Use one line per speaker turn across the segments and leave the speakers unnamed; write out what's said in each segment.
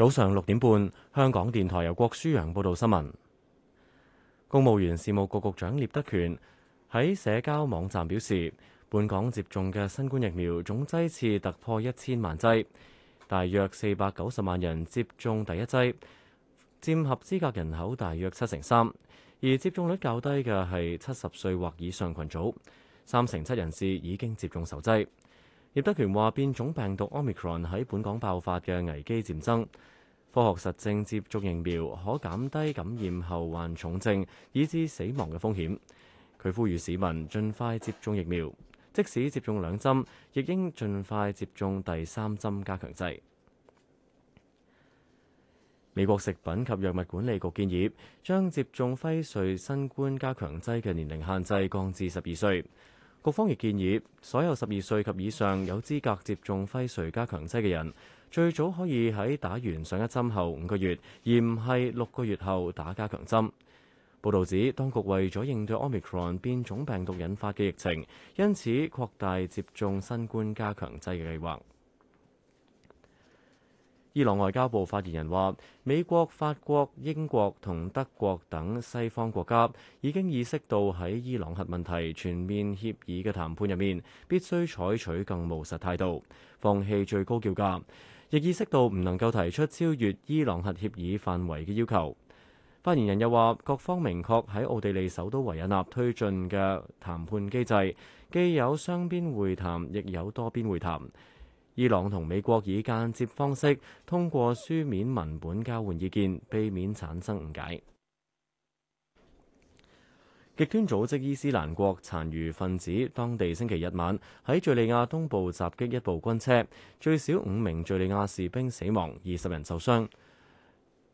早上六點半，香港電台由郭舒揚報導新聞。公務員事務局局長聶德權喺社交網站表示，本港接種嘅新冠疫苗總劑次突破一千萬劑，大約四百九十萬人接種第一劑，佔合資格人口大約七成三。而接種率較低嘅係七十歲或以上群組，三成七人士已經接種首劑。葉德權話：變種病毒 Omicron 喺本港爆發嘅危機漸增，科學實證接種疫苗可減低感染後患重症以致死亡嘅風險。佢呼籲市民盡快接種疫苗，即使接種兩針，亦應盡快接種第三針加強劑。美國食品及藥物管理局建議，將接種輝瑞新冠加強劑嘅年齡限制降至十二歲。局方亦建議，所有十二歲及以上有資格接種輝瑞加強劑嘅人，最早可以喺打完上一針後五個月，而唔係六個月後打加強針。報導指，當局為咗應對 Omicron 變種病毒引發嘅疫情，因此擴大接種新冠加強劑嘅計劃。伊朗外交部發言人話，美國、法國、英國同德國等西方國家已經意識到喺伊朗核問題全面協議嘅談判入面，必須採取更務實態度，放棄最高叫價，亦意識到唔能夠提出超越伊朗核協議範圍嘅要求。發言人又話，各方明確喺奧地利首都維也納推進嘅談判機制，既有雙邊會談，亦有多邊會談。伊朗同美國以間接方式通過書面文本交換意見，避免產生誤解。極端組織伊斯蘭國殘餘分子當地星期日晚喺敘利亞東部襲擊一部軍車，最少五名敘利亞士兵死亡，二十人受傷。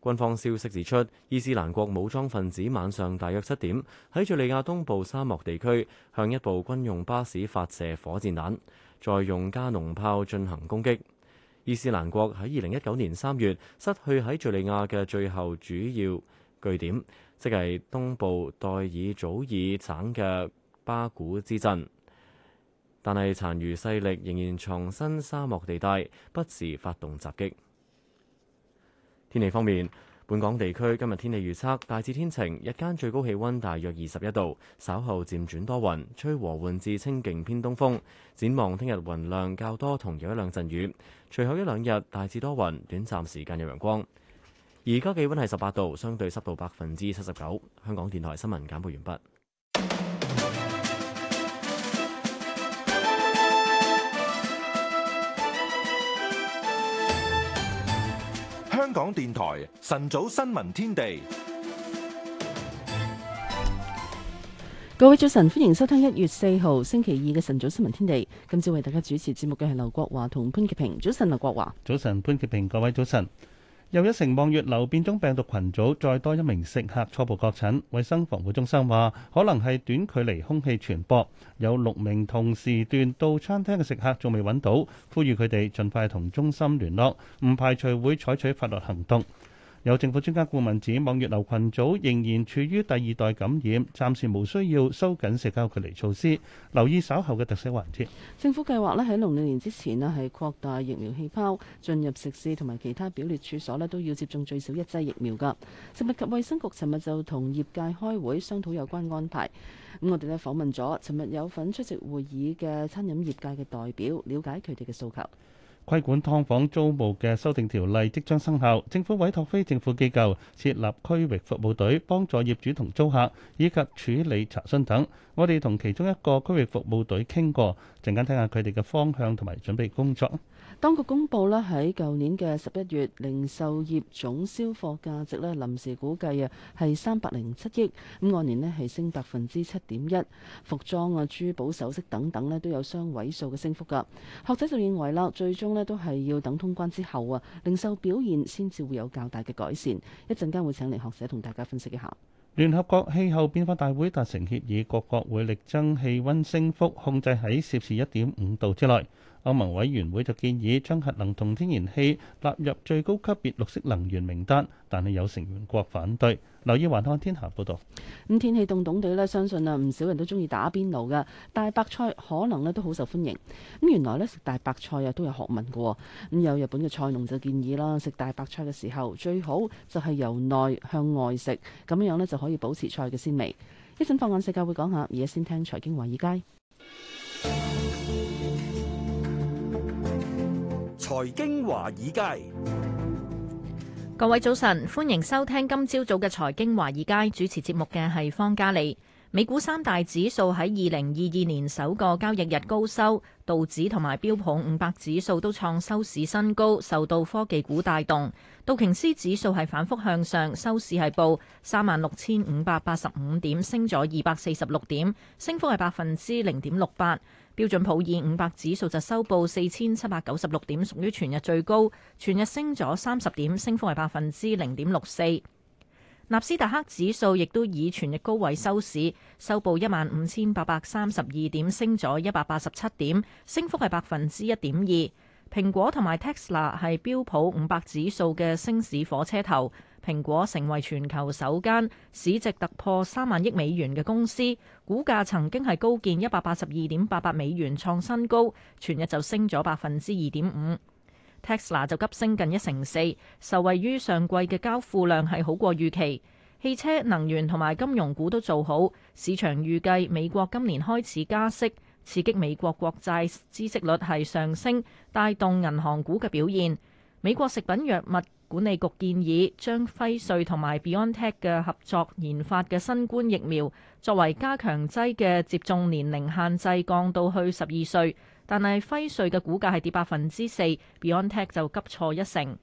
軍方消息指出，伊斯蘭國武裝分子晚上大約七點喺敘利亞東部沙漠地區向一部軍用巴士發射火箭彈。再用加農炮進行攻擊。伊斯蘭國喺二零一九年三月失去喺敘利亞嘅最後主要據點，即係東部代爾祖爾省嘅巴古之鎮。但係殘餘勢力仍然藏身沙漠地帶，不時發動襲擊。天氣方面。本港地區今日天氣預測，大致天晴，日間最高氣温大約二十一度，稍後漸轉多雲，吹和緩至清勁偏東風。展望聽日雲量較多，同有一兩陣雨。隨後一兩日大致多雲，短暫時間有陽光。而家氣温係十八度，相對濕度百分之七十九。香港電台新聞簡報完畢。
香港電台晨早新聞天地，
各位早晨，歡迎收聽一月四號星期二嘅晨早新聞天地。今朝為大家主持節目嘅係劉國華同潘潔平。早晨，劉國華。早晨，潘
潔平。各位早晨。又一城望月樓變種病毒群組再多一名食客初步確診，衛生防護中心話可能係短距離空氣傳播，有六名同時段到餐廳嘅食客仲未揾到，呼籲佢哋盡快同中心聯絡，唔排除會採取法律行動。有政府專家顧問指，望月樓群組仍然處於第二代感染，暫時無需要收緊社交距離措施，留意稍後嘅特色環節。
政府計劃咧喺農曆年之前啊，係擴大疫苗氣泡，進入食肆同埋其他表列處所咧都要接種最少一劑疫苗噶。食物及衛生局尋日就同業界開會商討有關安排。咁我哋咧訪問咗尋日有份出席會議嘅餐飲業界嘅代表，瞭解佢哋嘅訴求。
規管劏房租務嘅修訂條例即將生效，政府委託非政府機構設立區域服務隊，幫助業主同租客，以及處理查詢等。我哋同其中一個區域服務隊傾過，陣間睇下佢哋嘅方向同埋準備工作。
當局公佈咧，喺舊年嘅十一月，零售業總銷貨價值呢臨時估計啊，係三百零七億，咁按年呢係升百分之七點一。服裝啊、珠寶首飾等等呢都有雙位數嘅升幅㗎。學者就認為啦，最終呢都係要等通關之後啊，零售表現先至會有較大嘅改善。一陣間會請嚟學者同大家分析一下。
聯合國氣候變化大會達成協議，各國會力爭氣温升幅控制喺攝氏一點五度之內。歐盟委員會就建議將核能同天然氣納入最高級別綠色能源名單，但係有成員國反對。留意環看天下報導。
咁天氣凍凍地咧，相信啊唔少人都中意打邊爐嘅。大白菜，可能咧都好受歡迎。咁原來咧食大白菜啊都有學問嘅。咁有日本嘅菜農就建議啦，食大白菜嘅時候最好就係由內向外食，咁樣樣就可以保持菜嘅鮮味。一陣放眼世界會講下，而家先聽財經華爾街。
財經華爾
街，各位早晨，歡迎收聽今朝早嘅財經華爾街主持節目嘅係方嘉利。美股三大指數喺二零二二年首個交易日高收，道指同埋標普五百指數都創收市新高，受到科技股帶動。道瓊斯指數係反復向上，收市係報三萬六千五百八十五點，升咗二百四十六點，升幅係百分之零點六八。標準普爾五百指數就收報四千七百九十六點，屬於全日最高，全日升咗三十點，升幅係百分之零點六四。納斯達克指數亦都以全日高位收市，收報一萬五千八百三十二點，升咗一百八十七點，升幅係百分之一點二。蘋果同埋 Tesla 係標普五百指數嘅升市火車頭。蘋果成為全球首間市值突破三萬億美元嘅公司，股價曾經係高見一百八十二點八八美元創新高，全日就升咗百分之二點五。Tesla 就急升近一成四，受惠於上季嘅交付量係好過預期。汽車、能源同埋金融股都做好，市場預計美國今年開始加息，刺激美國國債孳息率係上升，帶動銀行股嘅表現。美國食品藥物管理局建議將輝瑞同埋 BioNTech 嘅合作研發嘅新冠疫苗作為加強劑嘅接種年齡限制降到去十二歲，但係輝瑞嘅股價係跌百分之四，BioNTech 就急挫一成。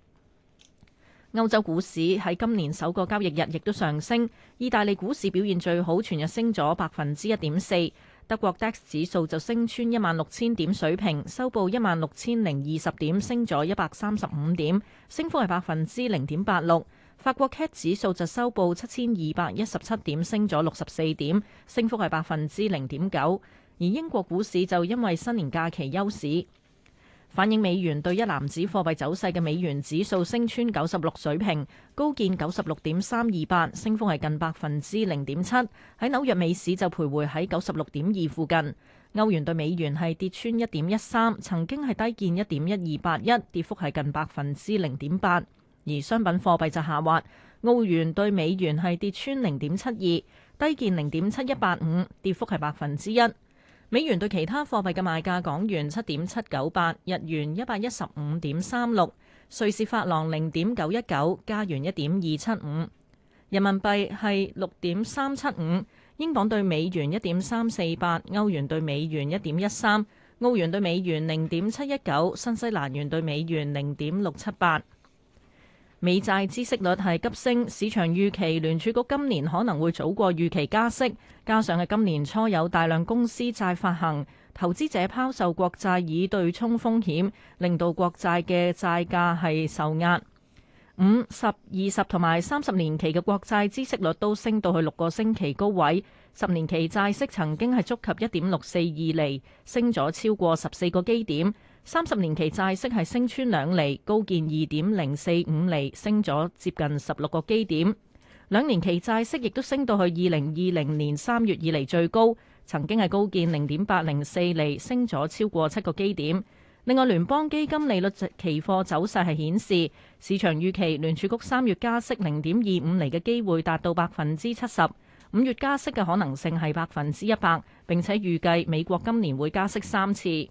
歐洲股市喺今年首個交易日亦都上升，意大利股市表現最好，全日升咗百分之一點四。德國 DAX 指數就升穿一萬六千點水平，收報一萬六千零二十點，升咗一百三十五點，升幅係百分之零點八六。法國 CAC 指數就收報七千二百一十七點，升咗六十四點，升幅係百分之零點九。而英國股市就因為新年假期休市。反映美元對一籃子貨幣走勢嘅美元指數升穿九十六水平，高見九十六點三二八，升幅係近百分之零點七。喺紐約美市就徘徊喺九十六點二附近。歐元對美元係跌穿一點一三，曾經係低見一點一二八一，跌幅係近百分之零點八。而商品貨幣就下滑，澳元對美元係跌穿零點七二，低見零點七一八五，跌幅係百分之一。美元對其他貨幣嘅賣價：港元七點七九八，日元一百一十五點三六，瑞士法郎零點九一九，加元一點二七五，人民幣係六點三七五，英鎊對美元一點三四八，歐元對美元一點一三，澳元對美元零點七一九，新西蘭元對美元零點六七八。美債孳息率係急升，市場預期聯儲局今年可能會早過預期加息，加上係今年初有大量公司債發行，投資者拋售國債以對沖風險，令到國債嘅債價係受壓。五、十、二十同埋三十年期嘅國債孳息率都升到去六個星期高位，十年期債息曾經係觸及一點六四二厘，升咗超過十四個基點。三十年期債息係升穿兩厘，高見二點零四五厘，升咗接近十六個基點。兩年期債息亦都升到去二零二零年三月以嚟最高，曾經係高見零點八零四厘，升咗超過七個基點。另外，聯邦基金利率期貨走勢係顯示，市場預期聯儲局三月加息零點二五厘嘅機會達到百分之七十，五月加息嘅可能性係百分之一百。並且預計美國今年會加息三次。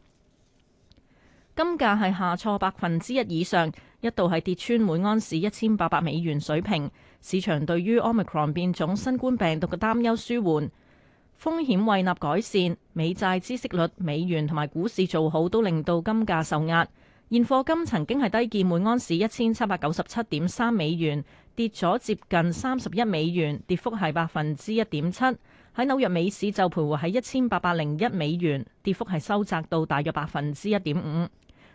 金價係下挫百分之一以上，一度係跌穿每安士一千八百美元水平。市場對於 Omicron 變種新冠病毒嘅擔憂舒緩，風險胃納改善，美債孳息率、美元同埋股市做好都令到金價受壓。現貨金曾經係低見每安士一千七百九十七點三美元，跌咗接近三十一美元，跌幅係百分之一點七。喺紐約美市就徘徊喺一千八百零一美元，跌幅係收窄到大約百分之一點五。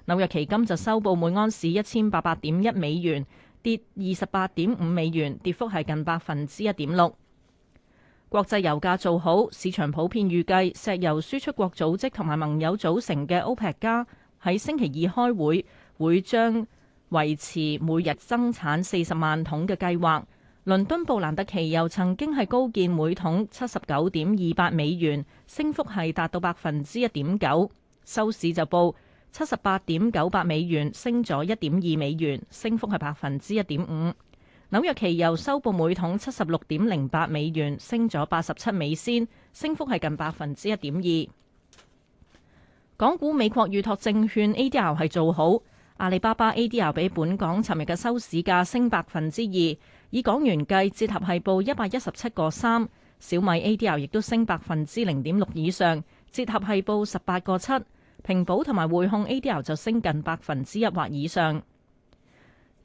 紐約期金就收報每安士一千八百點一美元，跌二十八點五美元，跌幅係近百分之一點六。國際油價做好，市場普遍預計石油輸出國組織同埋盟友組成嘅 OPEC 加喺星期二開會，會將維持每日增產四十萬桶嘅計劃。倫敦布蘭特期油曾經係高見每桶七十九點二八美元，升幅係達到百分之一點九。收市就報七十八點九八美元，升咗一點二美元，升幅係百分之一點五。紐約期油收報每桶七十六點零八美元，升咗八十七美仙，升幅係近百分之一點二。港股美國預託證券 A D R 係做好，阿里巴巴 A D R 比本港尋日嘅收市價升百分之二。以港元計，折合係報一百一十七個三，小米 ADR 亦都升百分之零點六以上，折合係報十八個七，平保同埋匯控 ADR 就升近百分之一或以上。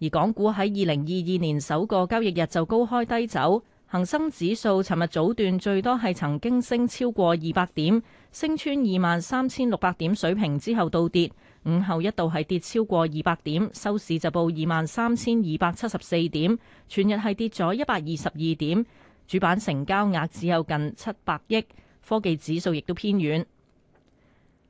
而港股喺二零二二年首個交易日就高開低走，恒生指數尋日早段最多係曾經升超過二百點，升穿二萬三千六百點水平之後倒跌。午後一度係跌超過二百點，收市就報二萬三千二百七十四點，全日係跌咗一百二十二點，主板成交額只有近七百億，科技指數亦都偏軟。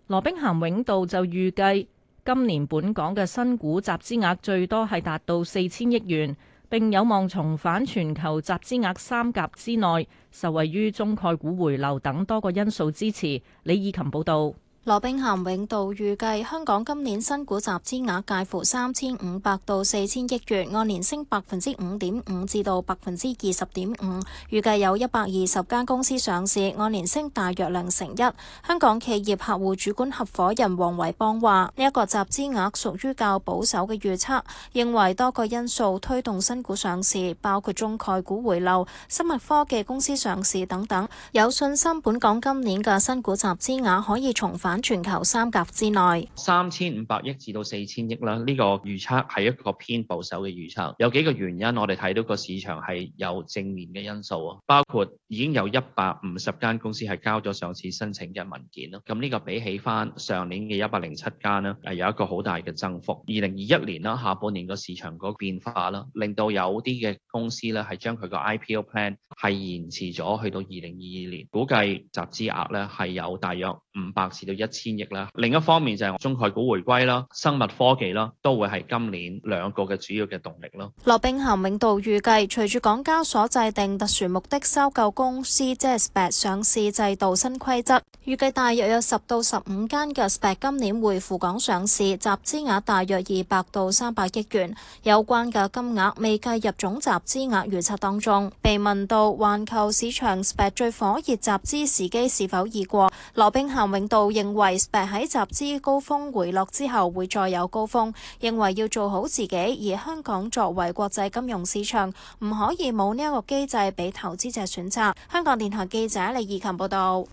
羅冰涵永道就預計今年本港嘅新股集資額最多係達到四千億元，並有望重返全球集資額三甲之內，受惠於中概股回流等多個因素支持。李以琴報道。羅
兵咸永道預計香港今年新股集資額介乎三千五百到四千億元，按年升百分之五點五至到百分之二十點五。預計有一百二十間公司上市，按年升大約零成一。香港企業客戶主管合夥人黃偉邦話：呢一個集資額屬於較保守嘅預測，認為多個因素推動新股上市，包括中概股回流、生物科技公司上市等等，有信心本港今年嘅新股集資額可以重返。全球三甲之內
三千五百億至到四千億啦，呢、呢個預測係一個偏保守嘅預測。有幾個原因，我哋睇到個市場係有正面嘅因素啊，包括已經有一百五十間公司係交咗上市申請嘅文件咯。咁、呢、呢個比起翻上年嘅一百零七間呢係有一個好大嘅增幅。二零二一年啦，下半年個市場個變化啦，令到有啲嘅公司咧係將佢個 IPO plan 係延遲咗去到二零二二年，估計集資額咧係有大約，五百至到一千億啦。另一方面就係中概股回歸啦，生物科技啦，都會係今年兩個嘅
主要嘅動力咯。
羅兵咸永道預計，隨住港交所制定特殊目的收購公司即係 SPAC 上市制度新規則，預計大約有十到十五間嘅 SPAC 今年會赴港上市，集資額大約二百到三百億元。有關嘅金額未計入總集資額預測當中。被問到環球市場 SPAC 最火熱集資時機是否已過，羅兵咸譚永道認為，SPAC 喺集資高峰回落之後會再有高峰，認為要做好自己，而香港作為國際金融市場，唔可以冇呢一個機制俾投資者選擇。
香港電台記者李義勤報道。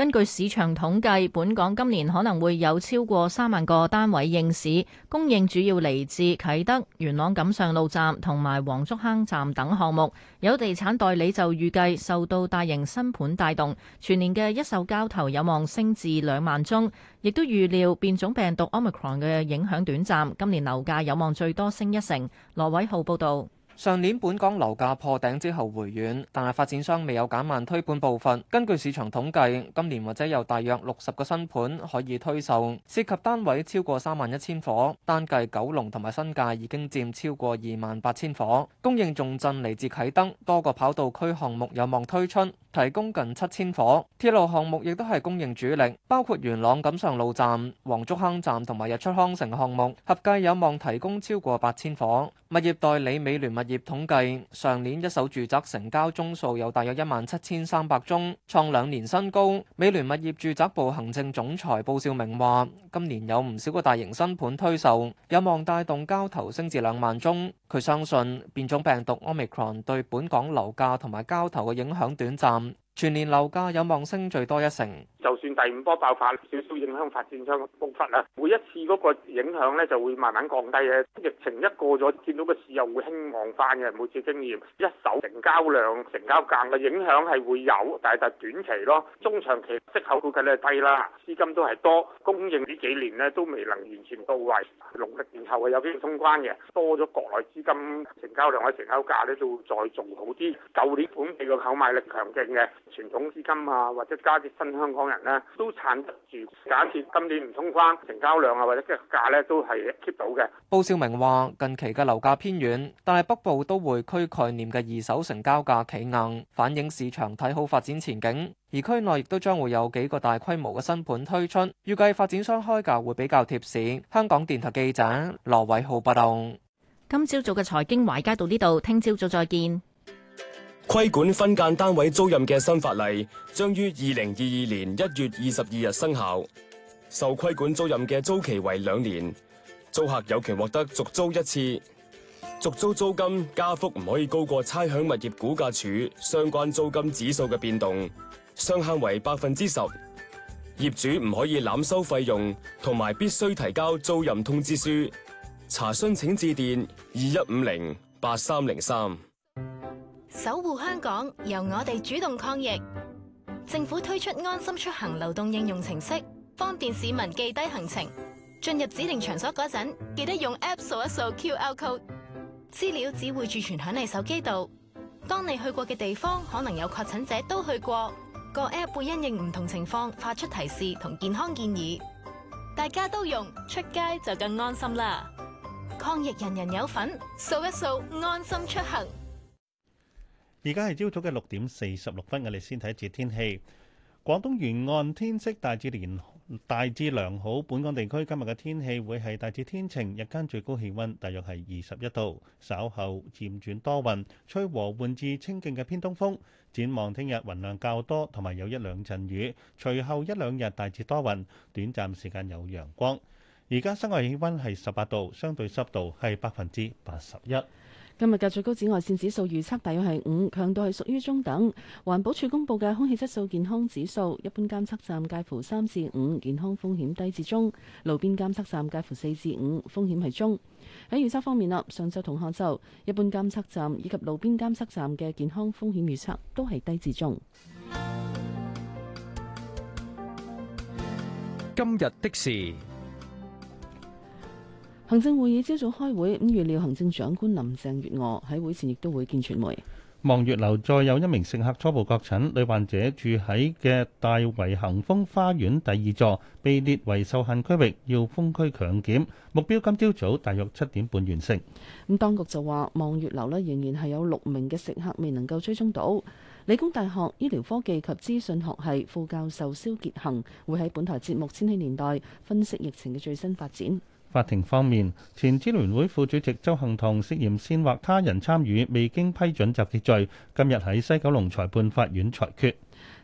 根據市場統計，本港今年可能會有超過三萬個單位應市，供應主要嚟自啟德、元朗錦上路站同埋黃竹坑站等項目。有地產代理就預計受到大型新盤帶動，全年嘅一手交投有望升至兩萬宗，亦都預料變種病毒 Omicron 嘅影響短暫，今年樓價有望最多升一
成。羅偉浩報導。上年本港樓價破頂之後回軟，但係發展商未有減慢推盤步伐。根據市場統計，今年或者有大約六十個新盤可以推售，涉及單位超過三萬一千伙，單計九龍同埋新界已經佔超過二萬八千伙。供應重鎮嚟自啟德，多個跑道區項目有望推出。提供近七千伙，鐵路項目亦都係供應主力，包括元朗錦上路站、黃竹坑站同埋日出康城項目，合計有望提供超過八千伙。物業代理美聯物業統計上年一手住宅成交宗數有大約一萬七千三百宗，創兩年新高。美聯物業住宅部行政總裁布少明話，今年有唔少個大型新盤推售，有望帶動交投升至兩萬宗。佢相信變種病毒 omicron 對本港樓價同埋交投嘅影響短暫。全年樓價有望升最多一成。
就算第五波爆發少少影響發展商步伐啊，每一次嗰個影響咧就會慢慢降低嘅，啊。疫情一過咗，見到個市又會興旺翻嘅。每次經驗，一手成交量、成交價嘅影響係會有，但係就短期咯，中長期息口估計咧低啦，資金都係多，供應呢幾年咧都未能完全到位，農曆年後係有機通關嘅，多咗國內資金，成交量嘅成交價咧都會再做好啲。舊年本地嘅購買力強勁嘅傳統資金啊，或者加啲新香港。咧都撐得住，假設今年唔通關，成交量啊或者價咧都係 keep 到嘅。
布少明話：近期嘅樓價偏軟，但係北部都會區概念嘅二手成交價企硬，反映市場睇好發展前景。而區內亦都將會有幾個大規模嘅新盤推出，預計發展商開價會比較貼市。香港電台記者羅偉浩報道。
今朝早嘅財經華爾街到呢度，聽朝早再見。
規管分間單位
租賃嘅新法例將於二零二二年一月二十二日生效。受規管租賃嘅租期為兩年，租客有權獲得續租一次。續租租金加幅唔可以高過差餉物業估價署相關租金指數嘅變動，上限為百分之十。業主唔可以濫收費用，同埋必須提交租賃通知書。查詢請致電二一五零八三零三。
守護香港，由我哋主動抗疫。政府推出安心出行流動應用程式，方便市民記低行程。進入指定場所嗰陣，記得用 App 掃一掃 QR code。資料只會儲存響你手機度。當你去過嘅地方可能有確診者都去過，個 App 會因應唔同情況發出提示同健康建議。大家都用，出街就更安心啦！抗疫人人有份，掃一掃安心出行。
而家係朝早嘅六點四十六分，我哋先睇一節天氣。廣東沿岸天色大致連大致良好，本港地區今日嘅天氣會係大致天晴，日間最高氣溫大約係二十一度，稍後漸轉多雲，吹和緩至清勁嘅偏東風。展望聽日雲量較多，同埋有一兩陣雨，隨後一兩日大致多雲，短暫時間有陽光。而家室外氣溫係十八度，相對濕度係百分之八十一。
今日嘅最高紫外線指數預測大約係五，強度係屬於中等。環保署公布嘅空氣質素健康指數，一般監測站介乎三至五，健康風險低至中；路邊監測站介乎四至五，風險係中。喺預測方面，上晝同下晝，一般監測站以及路邊監測站嘅健康風險預測都係低至中。
今日
的是。
行政會議朝早開會，咁預料行政長官林鄭月娥喺會前亦都會見傳媒。望月樓再有一名食客初步
確診，女患者住喺嘅大圍恒豐花園第二座，被列為受限區域，要封區強檢，目標今朝早大約七點半完成。
咁當局就話望月樓呢，仍然係有六名嘅食客未能夠追蹤到。理工大學醫療科技及資訊學系副教授蕭傑恒會喺本台節目《千禧年代》分析疫情嘅最新發展。
法庭方面，前支聯會副主席鄒幸彤涉嫌煽惑他人參與未經批准集結罪，今日喺西九龍裁判法
院裁決。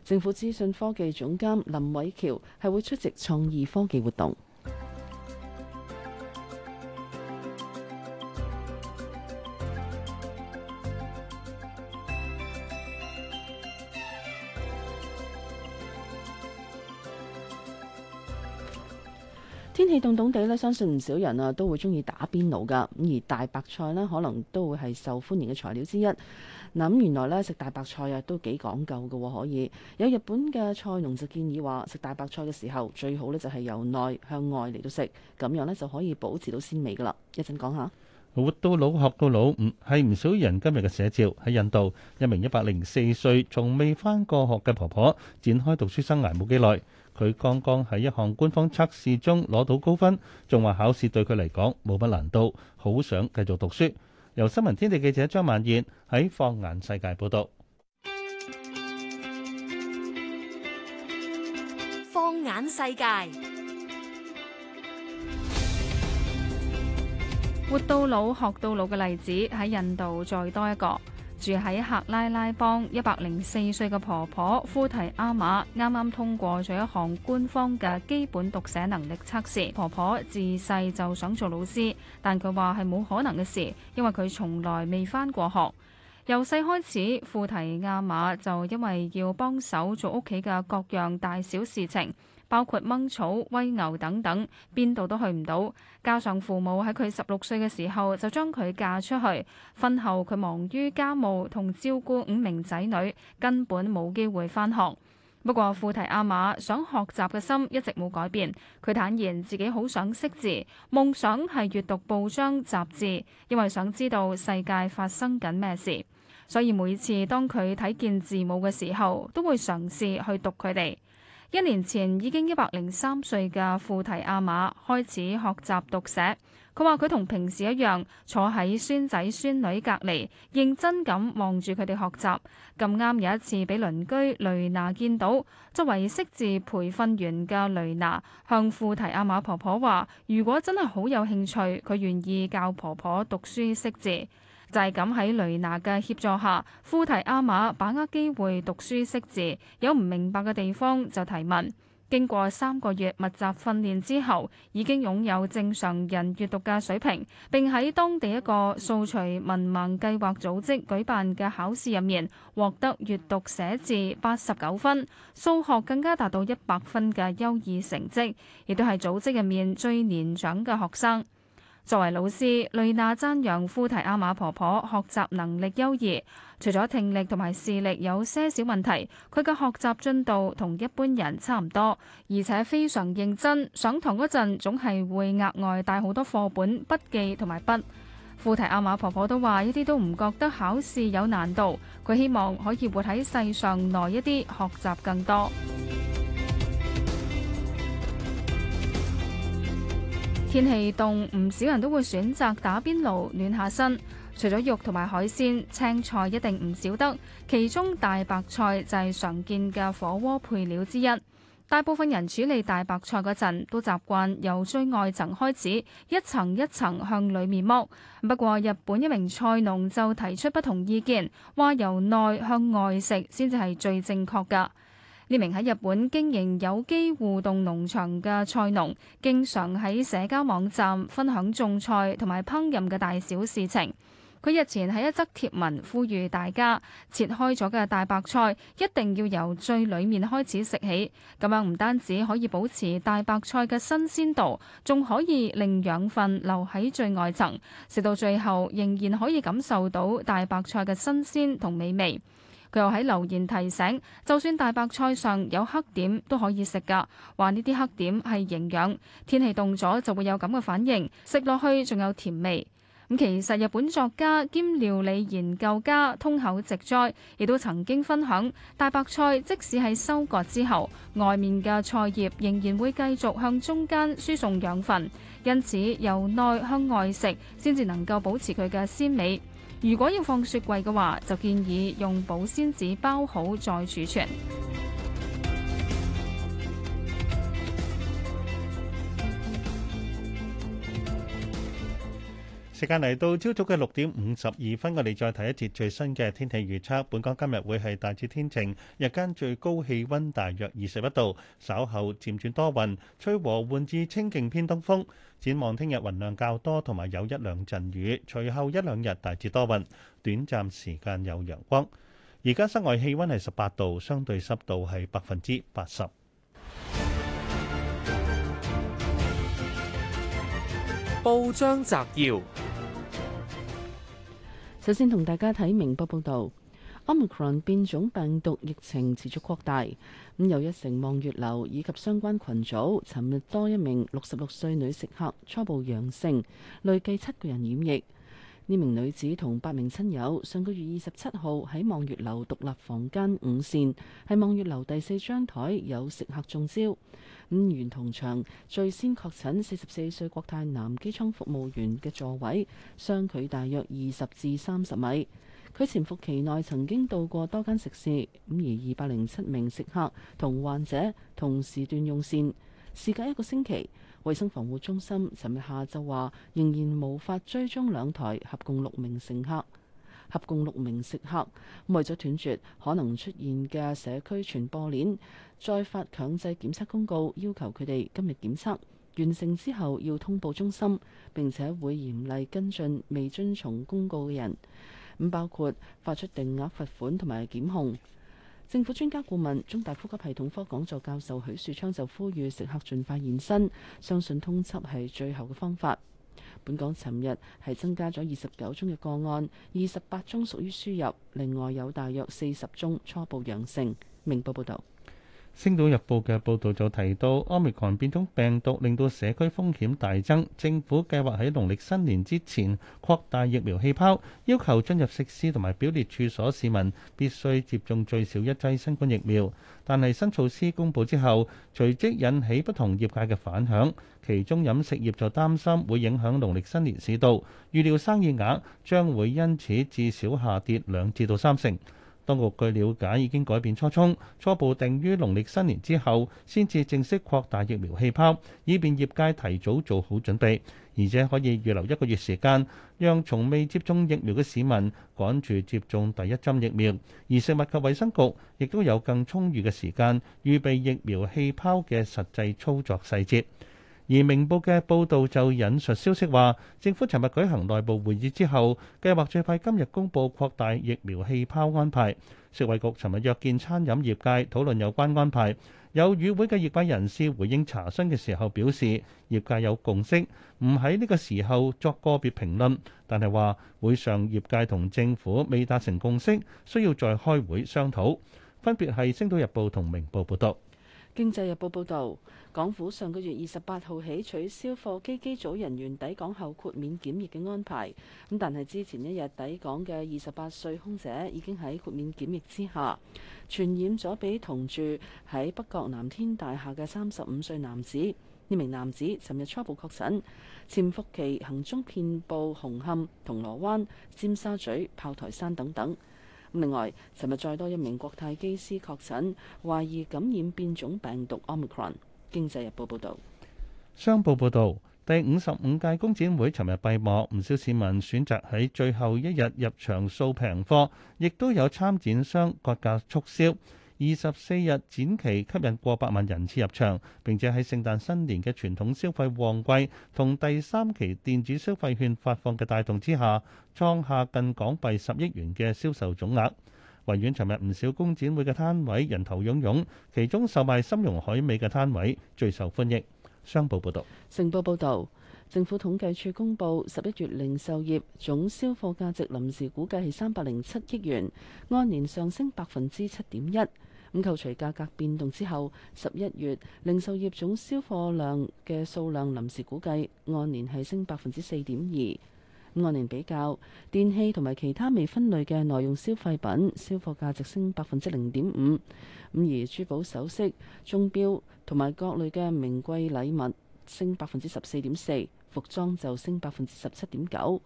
政府資訊科技總監林偉喬係會出席創意科技活動。天氣凍凍地咧，相信唔少人啊都會中意打邊爐噶。而大白菜咧，可能都會係受歡迎嘅材料之一。嗱，原來咧，食大白菜啊都幾講究嘅，可以有日本嘅菜農就建議話，食大白菜嘅時候最好咧就係由內向外嚟到食，咁樣咧就可以保持到鮮味噶啦。一陣講下，活到
老學到老，唔係唔少人今日嘅寫照。喺印度，一名一百零四歲從未返過學嘅婆婆，展開讀書生涯冇幾耐。佢剛剛喺一項官方測試中攞到高分，仲話考試對佢嚟講冇乜難度，好想繼續讀書。由新聞天地記者張曼燕喺放眼世界報道。
放眼世界，活到老
學到老嘅例子喺印度再多一個。住喺克拉拉邦一百零四歲嘅婆婆富提阿瑪啱啱通過咗一項官方嘅基本讀寫能力測試，婆婆自細就想做老師，但佢話係冇可能嘅事，因為佢從來未翻過學。由細開始，富提阿瑪就因為要幫手做屋企嘅各樣大小事情。包括掹草、餵牛等等，邊度都去唔到。加上父母喺佢十六歲嘅時候就將佢嫁出去，婚後佢忙於家務同照顧五名仔女，根本冇機會返學。不過富提阿瑪想學習嘅心一直冇改變。佢坦言自己好想識字，夢想係閱讀報章雜誌，因為想知道世界發生緊咩事。所以每次當佢睇見字母嘅時候，都會嘗試去讀佢哋。一年前已經一百零三歲嘅庫提阿瑪開始學習讀寫。佢話佢同平時一樣坐喺孫仔孫女隔籬，認真咁望住佢哋學習。咁啱有一次俾鄰居雷娜見到，作為識字培訓員嘅雷娜向庫提阿瑪婆婆話：如果真係好有興趣，佢願意教婆婆讀書識字。就係咁，喺雷娜嘅協助下，夫提阿瑪把握機會讀書識字，有唔明白嘅地方就提問。經過三個月密集訓練之後，已經擁有正常人閱讀嘅水平，並喺當地一個掃除文盲計劃組織舉辦嘅考試入面獲得閱讀寫字八十九分，數學更加達到一百分嘅優異成績，亦都係組織入面最年長嘅學生。作為老師，雷娜讚揚富提亞馬婆婆學習能力優異，除咗聽力同埋視力有些少問題，佢嘅學習進度同一般人差唔多，而且非常認真。上堂嗰陣總係會額外帶好多課本、筆記同埋筆。富提亞馬婆婆都話一啲都唔覺得考試有難度，佢希望可以活喺世上耐一啲，學習更多。天氣凍，唔少人都會選擇打邊爐暖下身。除咗肉同埋海鮮，青菜一定唔少得。其中大白菜就係常見嘅火鍋配料之一。大部分人處理大白菜嗰陣都習慣由最外層開始，一層一層向裡面剝。不過，日本一名菜農就提出不同意見，話由內向外食先至係最正確㗎。呢名喺日本經營有機互動農場嘅菜農，經常喺社交網站分享種菜同埋烹飪嘅大小事情。佢日前喺一則貼文呼籲大家，切開咗嘅大白菜一定要由最裡面開始食起，咁樣唔單止可以保持大白菜嘅新鮮度，仲可以令養分留喺最外層，食到最後仍然可以感受到大白菜嘅新鮮同美味。佢又喺留言提醒，就算大白菜上有黑點都可以食噶，話呢啲黑點係營養。天氣凍咗就會有咁嘅反應，食落去仲有甜味。咁其實日本作家兼料理研究家通口直哉亦都曾經分享，大白菜即使係收割之後，外面嘅菜葉仍然會繼續向中間輸送養分，因此由內向外食先至能夠保持佢嘅鮮美。如果要放雪櫃嘅話，就建議用保鮮紙包好再
儲存。時間嚟到朝早嘅六點五十二分，我哋再睇一節最新嘅天氣預測。本港今日會係大致天晴，日間最高氣溫大約二十一度，稍後漸轉多雲，吹和緩至清勁偏東風。展望聽日雲量較多，同埋有一兩陣雨。隨後一兩日大致多雲，短暫時間有陽光。而家室外氣溫係十八度，相對濕度係百分之八十。
報章摘要，
首先同大家睇明報報道。奧 r 克戎變種病毒疫情持續擴大，咁有一城望月樓以及相關群組，尋日多一名六十六歲女食客初步陽性，累計七個人染疫。呢名女子同八名親友上個月二十七號喺望月樓獨立房間五扇，喺望月樓第四張台有食客中招。五、嗯、與同場最先確診四十四歲國泰南機艙服務員嘅座位相距大約二十至三十米。佢潛伏期內曾經到過多間食肆，咁而二百零七名食客同患者同時段用膳，事隔一個星期，衛生防護中心尋日下晝話，仍然無法追蹤兩台合共六名乘客，合共六名食客。為咗斷絕可能出現嘅社區傳播鏈，再發強制檢測公告，要求佢哋今日檢測完成之後要通報中心，並且會嚴厲跟進未遵從公告嘅人。咁包括發出定額罰款同埋檢控。政府專家顧問、中大呼吸系統科講座教授許樹昌就呼籲食客盡快現身，相信通緝係最後嘅方法。本港尋日係增加咗二十九宗嘅個案，二十八宗屬於輸入，另外有大約四十宗初步陽性。明報報道。
《星島日報》嘅報導就提到，Omicron 變種病毒令到社區風險大增，政府計劃喺農曆新年之前擴大疫苗氣泡，要求進入食肆同埋表列處所市民必須接種最少一劑新冠疫苗。但係新措施公布之後，隨即引起不同業界嘅反響，其中飲食業就擔心會影響農曆新年市道，預料生意額將會因此至少下跌兩至到三成。當局據了解已經改變初衷，初步定於農曆新年之後先至正式擴大疫苗氣泡，以便業界提早做好準備，而且可以預留一個月時間，讓從未接種疫苗嘅市民趕住接種第一針疫苗。而食物及衛生局亦都有更充裕嘅時間預備疫苗氣泡嘅實際操作細節。而明報嘅報導就引述消息話，政府尋日舉行內部會議之後，計劃最快今日公布擴大疫苗氣泡安排。食衞局尋日約見餐飲業界討論有關安排，有與會嘅業界人士回應查詢嘅時候表示，業界有共識，唔喺呢個時候作個別評論，但係話會上業界同政府未達成共識，需要再開會商討。分別係《星島日報》同《明報》報導。
經濟日報報導，港府上個月二十八號起取消貨機機組人員抵港後豁免檢疫嘅安排。咁但係之前一日抵港嘅二十八歲空姐已經喺豁免檢疫之下，傳染咗俾同住喺北角南天大廈嘅三十五歲男子。呢名男子尋日初步確診，潛伏期行蹤遍佈紅磡、銅鑼灣、尖沙咀、炮台山等等。另外，尋日再多一名國泰機師確診，懷疑感染變種病毒 Omicron。經濟日報報道，
商報報道，第五十五屆工展會尋日閉幕，唔少市民選擇喺最後一日入場掃平貨，亦都有參展商割價促銷。二十四日展期吸引過百萬人次入場，並且喺聖誕新年嘅傳統消費旺季同第三期電子消費券發放嘅帶動之下，創下近港幣十億元嘅銷售總額。維園尋日唔少工展會嘅攤位人頭涌湧，其中售賣參茸海味嘅攤位最受歡迎。
商報報道，政府統計處公布十一月零售業總銷貨價值臨時估計係三百零七億元，按年上升百分之七點一，咁扣除價格變動之後，十一月零售業總銷貨量嘅數量臨時估計按年係升百分之四點二。按年比較，電器同埋其他未分類嘅耐用消費品銷貨價值升百分之零點五。咁而珠寶、首飾、鐘錶同埋各類嘅名貴禮物升百分之十四點四，服裝就升百分之十七點九。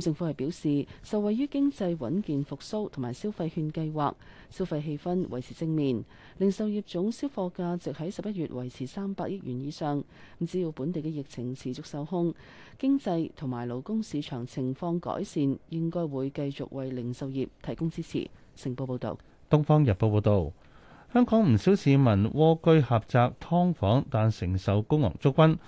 政府係表示，受惠於經濟穩健復甦同埋消費券計劃，消費氣氛維持正面，零售業總銷貨價值喺十一月維持三百億元以上。咁只要本地嘅疫情持續受控，經濟同埋勞工市場情況改善，應該會繼續為零售業提供支持。成報報導，
《東方日報》報導，香港唔少市民窩居狹窄劏房，但承受高昂租金。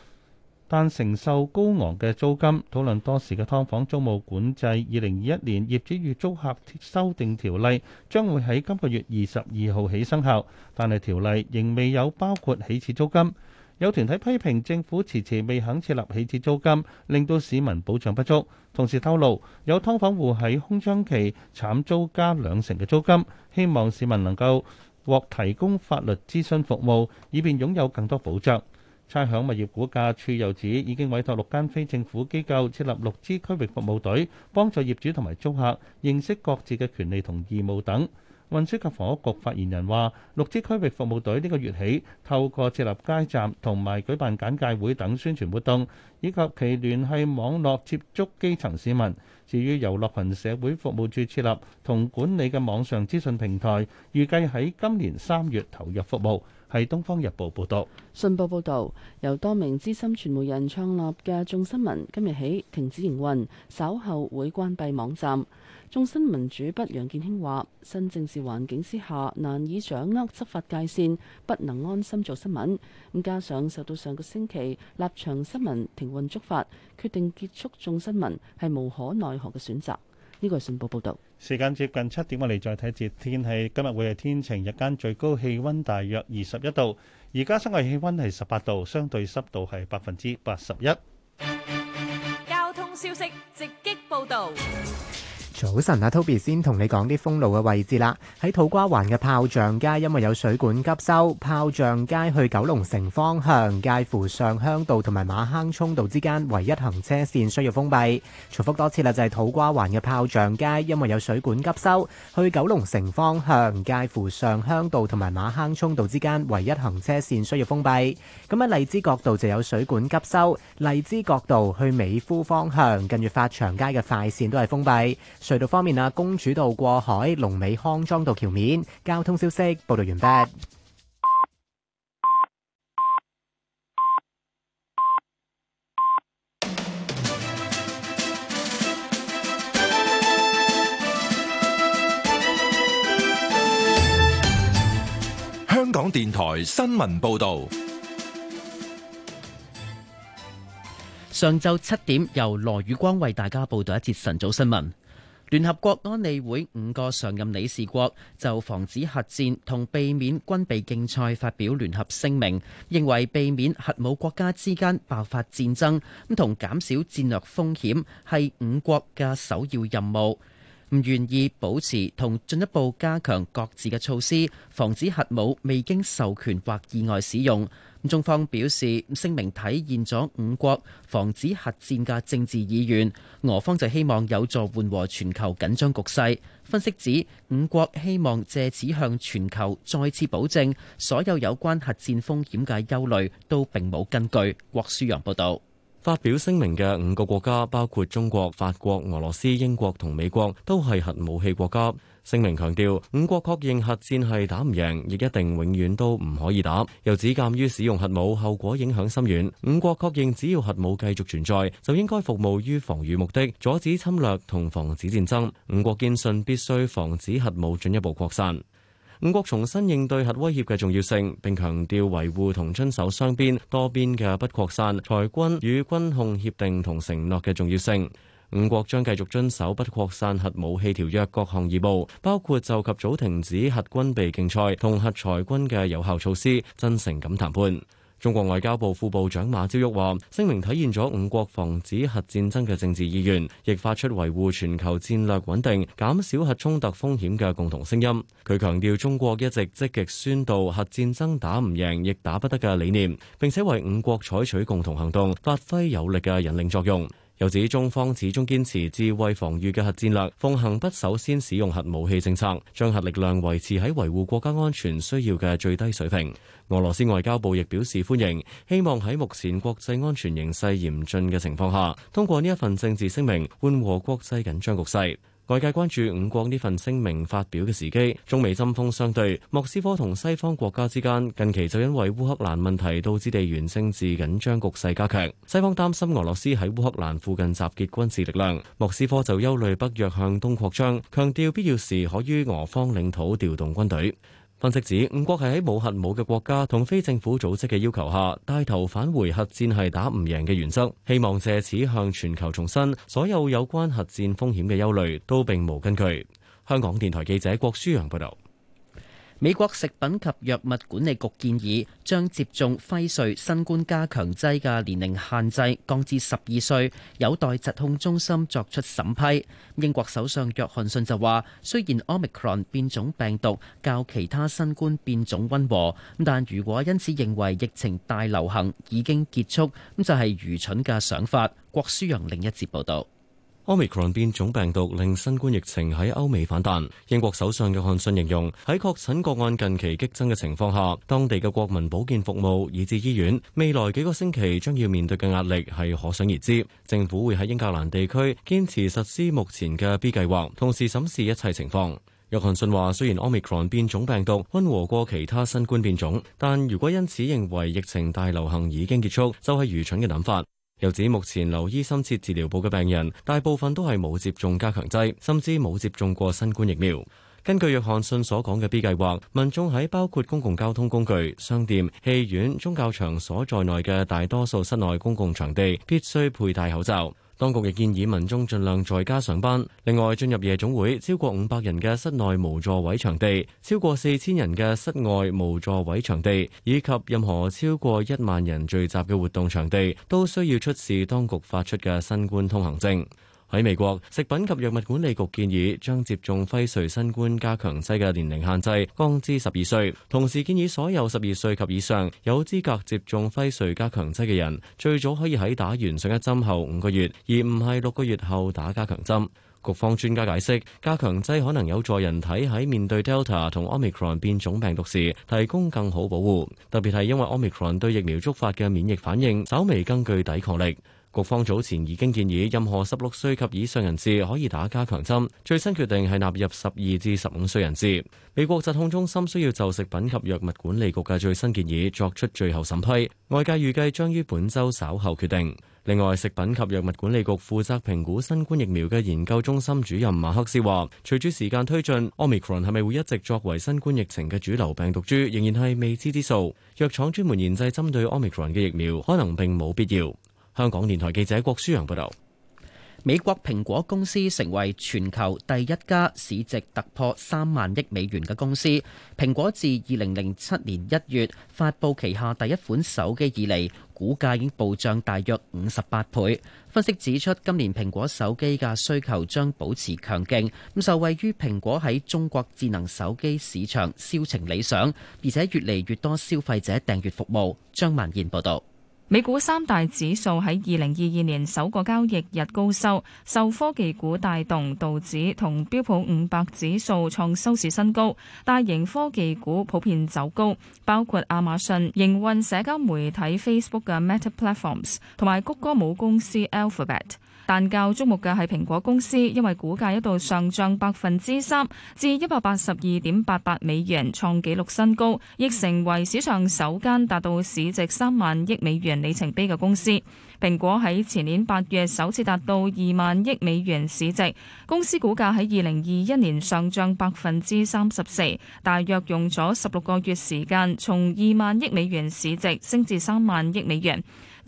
但承受高昂嘅租金，討論多時嘅劏房租務管制，二零二一年業主與租客修訂條例將會喺今個月二十二號起生效，但係條例仍未有包括起始租金。有團體批評政府遲遲未肯設立起始租金，令到市民保障不足。同時透露，有劏房戶喺空窗期慘租加兩成嘅租金，希望市民能夠獲提供法律諮詢服務，以便擁有更多保障。差餉物業估價處又指，已經委託六間非政府機構設立六支區域服務隊，幫助業主同埋租客認識各自嘅權利同義務等。運輸及房屋局發言人話，六支區域服務隊呢個月起透過設立街站同埋舉辦簡介會等宣傳活動，以及其聯繫網絡接觸基層市民。至於由樂群社會服務處設立同管理嘅網上資訊平台，預計喺今年三月投入服務。係《東方日報》報道，
信報報道，由多名資深傳媒人創立嘅眾新聞今日起停止營運，稍後會關閉網站。眾新聞主筆楊建興話：新政治環境之下，難以掌握執法界線，不能安心做新聞。咁加上受到上個星期立場新聞停運觸發，決定結束眾新聞係無可奈何嘅選擇。呢個係信報報道。
時間接近七點，我哋再睇一節天氣。今日會係天晴，日間最高氣温大約二十一度。而家室外氣温係十八度，相對濕度係
百分之八十一。
交通消息直擊報道。
早晨啊，Toby 先同你講啲封路嘅位置啦。喺土瓜灣嘅炮仗街，因為有水管急修，炮仗街去九龍城方向介乎上鄉道同埋馬坑涌道之間唯一行車線需要封閉。重複多次啦，就係土瓜灣嘅炮仗街，因為有水管急修，去九龍城方向介乎上鄉道同埋馬坑涌道之間唯一行車線需要封閉。咁喺荔枝角道就有水管急修，荔枝角道去美孚方向近住發祥街嘅快線都係封閉。隧道方面啊，公主道過海、龍尾康莊道橋面交通消息報道完畢。
香港電台新聞報道，上晝七點由羅宇光為大家報道一節晨早新聞。聯合國安理會五個常任理事國就防止核戰同避免軍備競賽發表聯合聲明，認為避免核武國家之間爆發戰爭，咁同減少戰略風險，係五國嘅首要任務，唔願意保持同進一步加強各自嘅措施，防止核武未經授權或意外使用。中方表示聲明體現咗五國防止核戰嘅政治意願，俄方就希望有助緩和全球緊張局勢，分析指五國希望借此向全球再次保證所有有關核戰風險嘅憂慮都並冇根據。郭
書陽報道。發表聲明嘅五個國家包括中國、法國、俄羅斯、英國同美國，都係核武器國家。聲明強調，五國確認核戰係打唔贏，亦一定永遠都唔可以打。又指鑒於使用核武後果影響深遠，五國確認只要核武繼續存在，就應該服務於防御目的，阻止侵略同防止戰爭。五國堅信必須防止核武進一步擴散。五國重新應對核威脅嘅重要性，並強調維護同遵守雙邊、多邊嘅不擴散裁軍與軍控協定同承諾嘅重要性。五國將繼續遵守不擴散核武器條約各項義務，包括就及早停止核軍備競賽同核裁軍嘅有效措施，真誠咁談判。中國外交部副部長馬朝旭話：聲明體現咗五國防止核戰爭嘅政治意願，亦發出維護全球戰略穩定、減少核衝突風險嘅共同聲音。佢強調，中國一直積極宣導核戰爭打唔贏、亦打不得嘅理念，並且為五國採取共同行動發揮有力嘅引領作用。又指，中方始終堅持自衛防御嘅核戰略，奉行不首先使用核武器政策，將核力量維持喺維護國家安全需要嘅最低水平。俄羅斯外交部亦表示歡迎，希望喺目前國際安全形勢嚴峻嘅情況下，通過呢一份政治聲明緩和國際緊張局勢。外界關注五國呢份聲明發表嘅時機，中美針鋒相對，莫斯科同西方國家之間近期就因為烏克蘭問題導致地緣政治緊張局勢加強。西方擔心俄羅斯喺烏克蘭附近集結軍軍事力量，莫斯科就憂慮北約向東擴張，強調必要時可於俄方領土調動軍隊。分析指，五國係喺無核武嘅國家同非政府組織嘅要求下，帶頭返回核戰係打唔贏嘅原則，希望借此向全球重申所有有關核戰風險嘅憂慮都並無根據。香港電台記者郭舒揚報道。美國食
品及藥物管理局建議將接種輝瑞新冠加強劑嘅年齡限制降至十二歲，有待疾控中心作出審批。英國首相約翰遜就話，雖然 Omicron 變種病毒較其他新冠變種温和，但如果因此認為疫情大流行已經結束，
咁就係愚蠢嘅想法。郭書陽另一節報道。奧密克戎變種病毒令新冠疫情喺歐美反彈。英國首相約翰遜形容喺確診個案近期激增嘅情況下，當地嘅國民保健服務以至醫院未來幾個星期將要面對嘅壓力係可想而知。政府會喺英格蘭地區堅持實施目前嘅 B 計劃，同時審視一切情況。約翰遜話：雖然奧密克戎變種病毒温和過其他新冠變種，但如果因此認為疫情大流行已經結束，就係、是、愚蠢嘅諗法。又指目前留醫深切治療部嘅病人，大部分都係冇接種加強劑，甚至冇接種過新冠疫苗。根據約翰遜所講嘅 B 計劃，民眾喺包括公共交通工具、商店、戲院、宗教場所在內嘅大多數室內公共場地，必須佩戴口罩。當局亦建議民眾盡量在家上班。另外，進入夜總會、超過五百人嘅室內無座位場地、超過四千人嘅室外無座位場地，以及任何超過一萬人聚集嘅活動場地，都需要出示當局發出嘅新冠通行證。喺美國，食品及藥物管理局建議將接種輝瑞新冠加強劑嘅年齡限制降至十二歲，同時建議所有十二歲及以上有資格接種輝瑞加強劑嘅人，最早可以喺打完上一針後五個月，而唔係六個月後打加強針。局方專家解釋，加強劑可能有助人體喺面對 Delta 同 Omicron 變種病毒時提供更好保護，特別係因為 Omicron 對疫苗觸發嘅免疫反應稍微更具抵抗力。局方早前已經建議，任何十六歲及以上人士可以打加強針。最新決定係納入十二至十五歲人士。美國疾控中心需要就食品及藥物管理局嘅最新建議作出最後審批，外界預計將於本週稍後決定。另外，食品及藥物管理局負責評估新冠疫苗嘅研究中心主任馬克斯話，隨住時間推進，Omicron 係咪會一直作為新冠疫情嘅主流病毒株，仍然係未知之數。藥廠專門研製針對 Omicron 嘅疫苗，可能並冇必要。香港電台記者郭舒陽報道，美國蘋果公司成為
全球第一家市值突破三萬億美元嘅公司。蘋果自二零零七年一月發佈旗下第一款手機以嚟，股價已經暴漲大約五十八倍。分析指出，今年蘋果手機嘅需求將保持強勁。咁受惠於蘋果喺中國智能手機市場銷情理想，而且越嚟越多消費者訂閱服務。張曼燕報道。美股三大
指數喺二零二二年首個交易日高收，受科技股帶動，道指同標普五百指數創收市新高。大型科技股普遍走高，包括亞馬遜、營運社交媒體 Facebook 嘅 Meta Platforms，同埋谷歌母公司 Alphabet。但較矚目嘅係蘋果公司，因為股價一度上漲百分之三，至一百八十二點八八美元，創紀錄新高，亦成為市場首間達到市值三萬億美元里程碑嘅公司。蘋果喺前年八月首次達到二萬億美元市值，公司股價喺二零二一年上漲百分之三十四，大約用咗十六個月時間，從二萬億美元市值升至三萬億美元。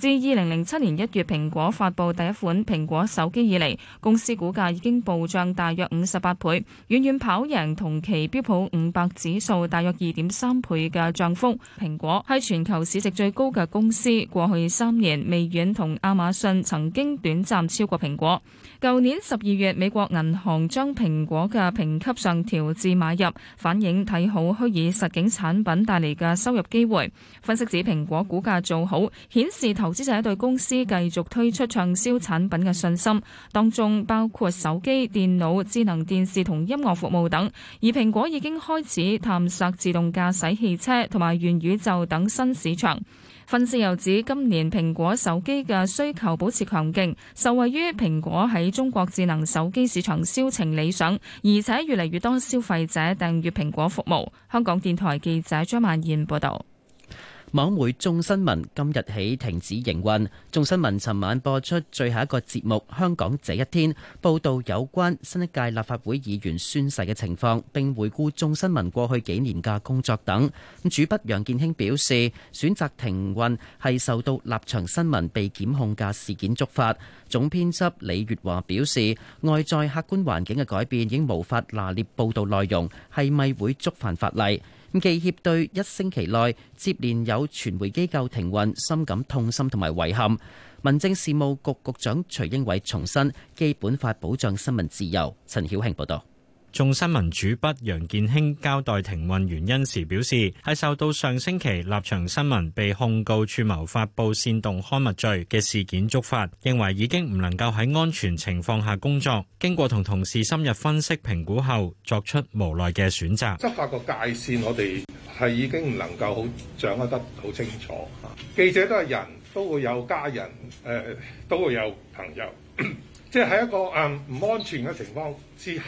自二零零七年一月蘋果發佈第一款蘋果手機以嚟，公司股價已經暴漲大約五十八倍，遠遠跑贏同期標普五百指數大約二點三倍嘅漲幅。蘋果係全球市值最高嘅公司，過去三年微軟同亞馬遜曾經短暫超過蘋果。舊年十二月，美國銀行將蘋果嘅評級上調至買入，反映睇好虛擬實境產品帶嚟嘅收入機會。分析指蘋果股價做好，顯示投投資者對公司繼續推出暢銷產品嘅信心，當中包括手機、電腦、智能電視同音樂服務等。而蘋果已經開始探索自動駕駛汽車同埋元宇宙等新市場。分析又指今年蘋果手機嘅需求保持強勁，受惠於蘋果喺中國智能手機市場銷情理想，而且越嚟越多消費者訂閱蘋果服務。香港電台記者張曼燕報道。
網媒眾新聞今日起停止營運。眾新聞尋晚播出最後一個節目《香港這一天》，報道有關新一屆立法會議員宣誓嘅情況，並回顧眾新聞過去幾年嘅工作等。咁主筆楊健興表示，選擇停運係受到立場新聞被檢控嘅事件觸發。總編輯李月華表示，外在客觀環境嘅改變已經無法拿捏報道內容，係咪會觸犯法例？咁，記協對一星期內接連有傳媒機構停運，深感痛心同埋遺憾。民政事務局局長徐英偉重申，《基本法》保障新聞自由。陳曉慶報導。
眾新聞主筆楊健興交代停運原因時表示，係受到上星期立場新聞被控告串謀發布煽動刊物罪嘅事件觸發，認為已經唔能夠喺安全情況下工作。經過同同事深入分析評估後，作出無奈嘅選擇。
執法個界線，我哋係已經唔能夠好掌握得好清楚。記者都係人，都會有家人，誒都會有朋友，即係喺一個誒唔安全嘅情況之下。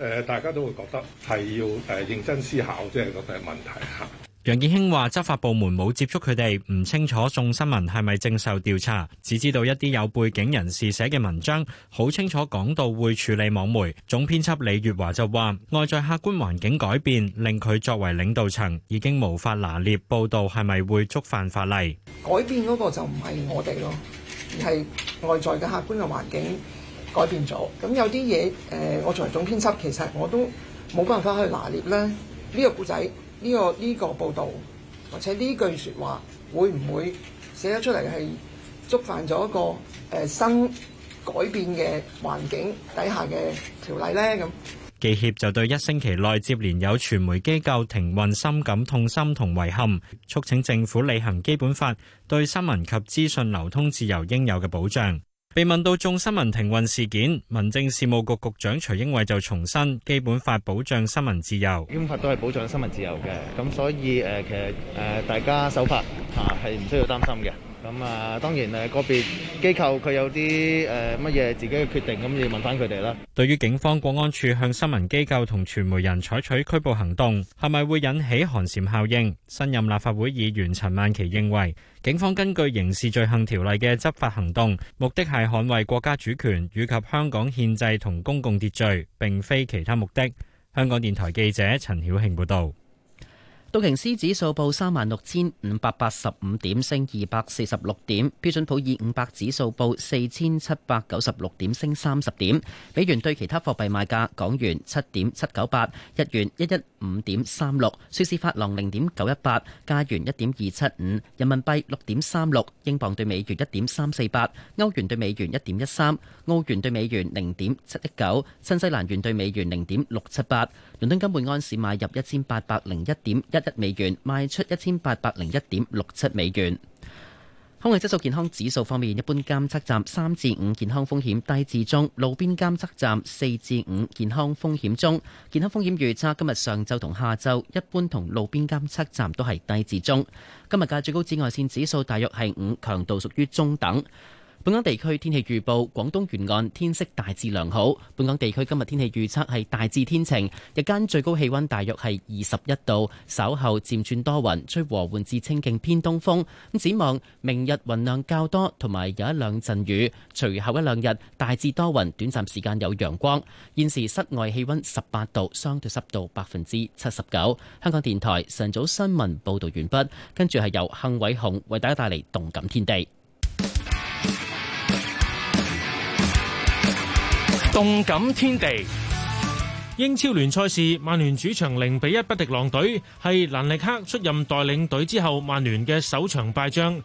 誒、呃，大家都會覺得係要誒、呃、認真思考，即係個問題嚇。
楊健興話：執法部門冇接觸佢哋，唔清楚眾新聞係咪正受調查，只知道一啲有背景人士寫嘅文章，好清楚講到會處理網媒。總編輯李月華就話：外在客觀環境改變，令佢作為領導層已經無法拿捏報導係咪會觸犯法例。
改變嗰個就唔係我哋咯，而係外在嘅客觀嘅環境。改變咗，咁有啲嘢，誒、呃，我作為總編輯，其實我都冇辦法去拿捏咧。呢個故仔，呢個呢個報導，或者呢句説話，會唔會寫得出嚟係觸犯咗一個誒、呃、新改變嘅環境底下嘅條例呢？咁，
記協就對一星期內接連有傳媒機構停運深感痛心同遺憾，促請政府履行基本法對新聞及資訊流通自由應有嘅保障。被問到眾新聞停運事件，民政事務局局，局長徐英偉就重申，《基本法》保障新聞自由，
《基本法》都係保障新聞自由嘅，咁所
以誒、呃，其實誒、呃，大家守法吓係唔需要擔心嘅。咁啊，當然誒個別機構佢有啲誒乜嘢自己嘅決定，咁要問翻佢哋啦。
對於警方、國安處向新聞機構同傳媒人採取拘捕行動，係咪會引起寒蟬效應？新任立法會議員陳曼琪認為，警方根據刑事罪行條例嘅執法行動，目的係捍衛國家主權以及香港憲制同公共秩序，
並非其他目的。香港電台記者陳曉慶報導。道瓊斯指數報三萬六千五百八十五點，升二百四十六點，標準普爾五百指數報四千七百九十六點，升三十點，美元兌其他貨幣買價港元七點七九八，日元一一。五點三六，瑞士法郎零點九一八，加元一點二七五，人民幣六點三六，英鎊兌美元一點三四八，歐元兌美元一點一三，澳元兌美元零點七一九，新西蘭元兌美元零點六七八，倫敦金每安士買入一千八百零一點一一美元，賣出一千八百零一點六七美元。空氣質素健康指數方面，一般監測站三至五健康風險低至中，路邊監測站四至五健康風險中。健康風險預測今日上晝同下晝，一般同路邊監測站都係低至中。今日嘅最高紫外線指數大約係五，強度屬於中等。本港地區天氣預報，廣東沿岸天色大致良好。本港地區今日天氣預測係大致天晴，日間最高氣温大約係二十一度，稍後漸轉多雲，吹和緩至清勁偏東風。咁展望明日雲量較多，同埋有一兩陣雨，隨後一兩日大致多雲，短暫時間有陽光。現時室外氣温十八度，相對濕度百分之七十九。香港電台晨早新聞報導完畢，跟住係由幸偉雄為大家帶嚟動感天地。動感天地，
英超聯賽事，曼聯主場零比一不敵狼隊，係蘭尼克出任代領隊之後，曼聯嘅首場敗仗。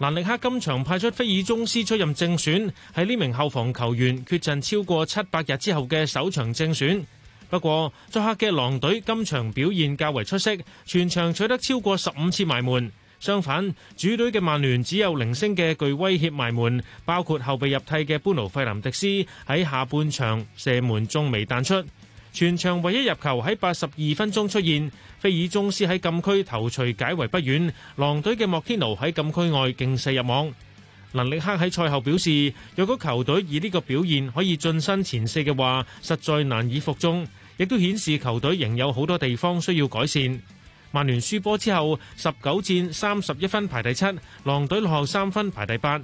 蘭尼克今場派出菲爾鍾斯出任正選，係呢名後防球員缺陣超過七百日之後嘅首場正選。不過，作客嘅狼隊今場表現較為出色，全場取得超過十五次埋門。相反，主隊嘅曼聯只有零星嘅具威脅埋門，包括後備入替嘅般奴費林迪斯喺下半場射門，中楣彈出。全場唯一入球喺八十二分鐘出現，菲爾宗斯喺禁區頭槌解圍不遠，狼隊嘅莫天奴喺禁區外勁射入網。能力克喺賽後表示，若果球隊以呢個表現可以晉身前四嘅話，實在難以服眾，亦都顯示球隊仍有好多地方需要改善。曼聯輸波之後，十九戰三十一分排第七，狼隊落後三分排第八。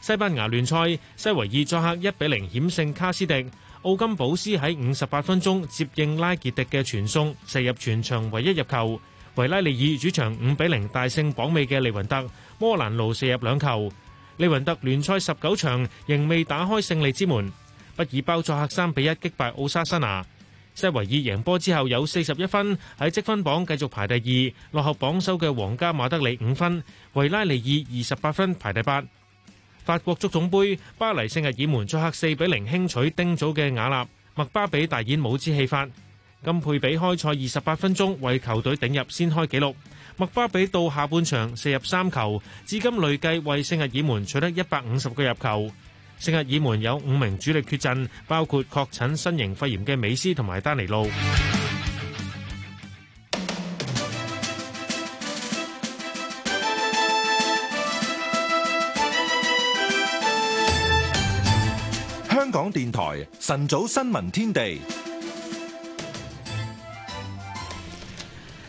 西班牙聯賽，西維爾作客一比零險勝卡斯迪，奧金堡斯喺五十八分鐘接應拉杰迪嘅傳送，射入全場唯一入球。維拉利爾主場五比零大勝榜尾嘅利雲特，摩蘭路射入兩球。利雲特聯賽十九場仍未打開勝利之門。畢爾包作客三比一擊敗奧沙沙拿。西維爾贏波之後有四十一分喺積分榜繼續排第二，落後榜首嘅皇家馬德里五分。維拉尼爾二十八分排第八。法國足總盃，巴黎聖日耳門作客四比零輕取丁組嘅瓦納。麥巴比大演帽子戲法，金佩比開賽二十八分鐘為球隊頂入先開紀錄。麥巴比到下半場射入三球，至今累計為聖日耳門取得一百五十個入球。聖日耳門有五名主力缺陣，包括確診新型肺炎嘅美斯同埋丹尼路。
香港電台晨早新聞天地，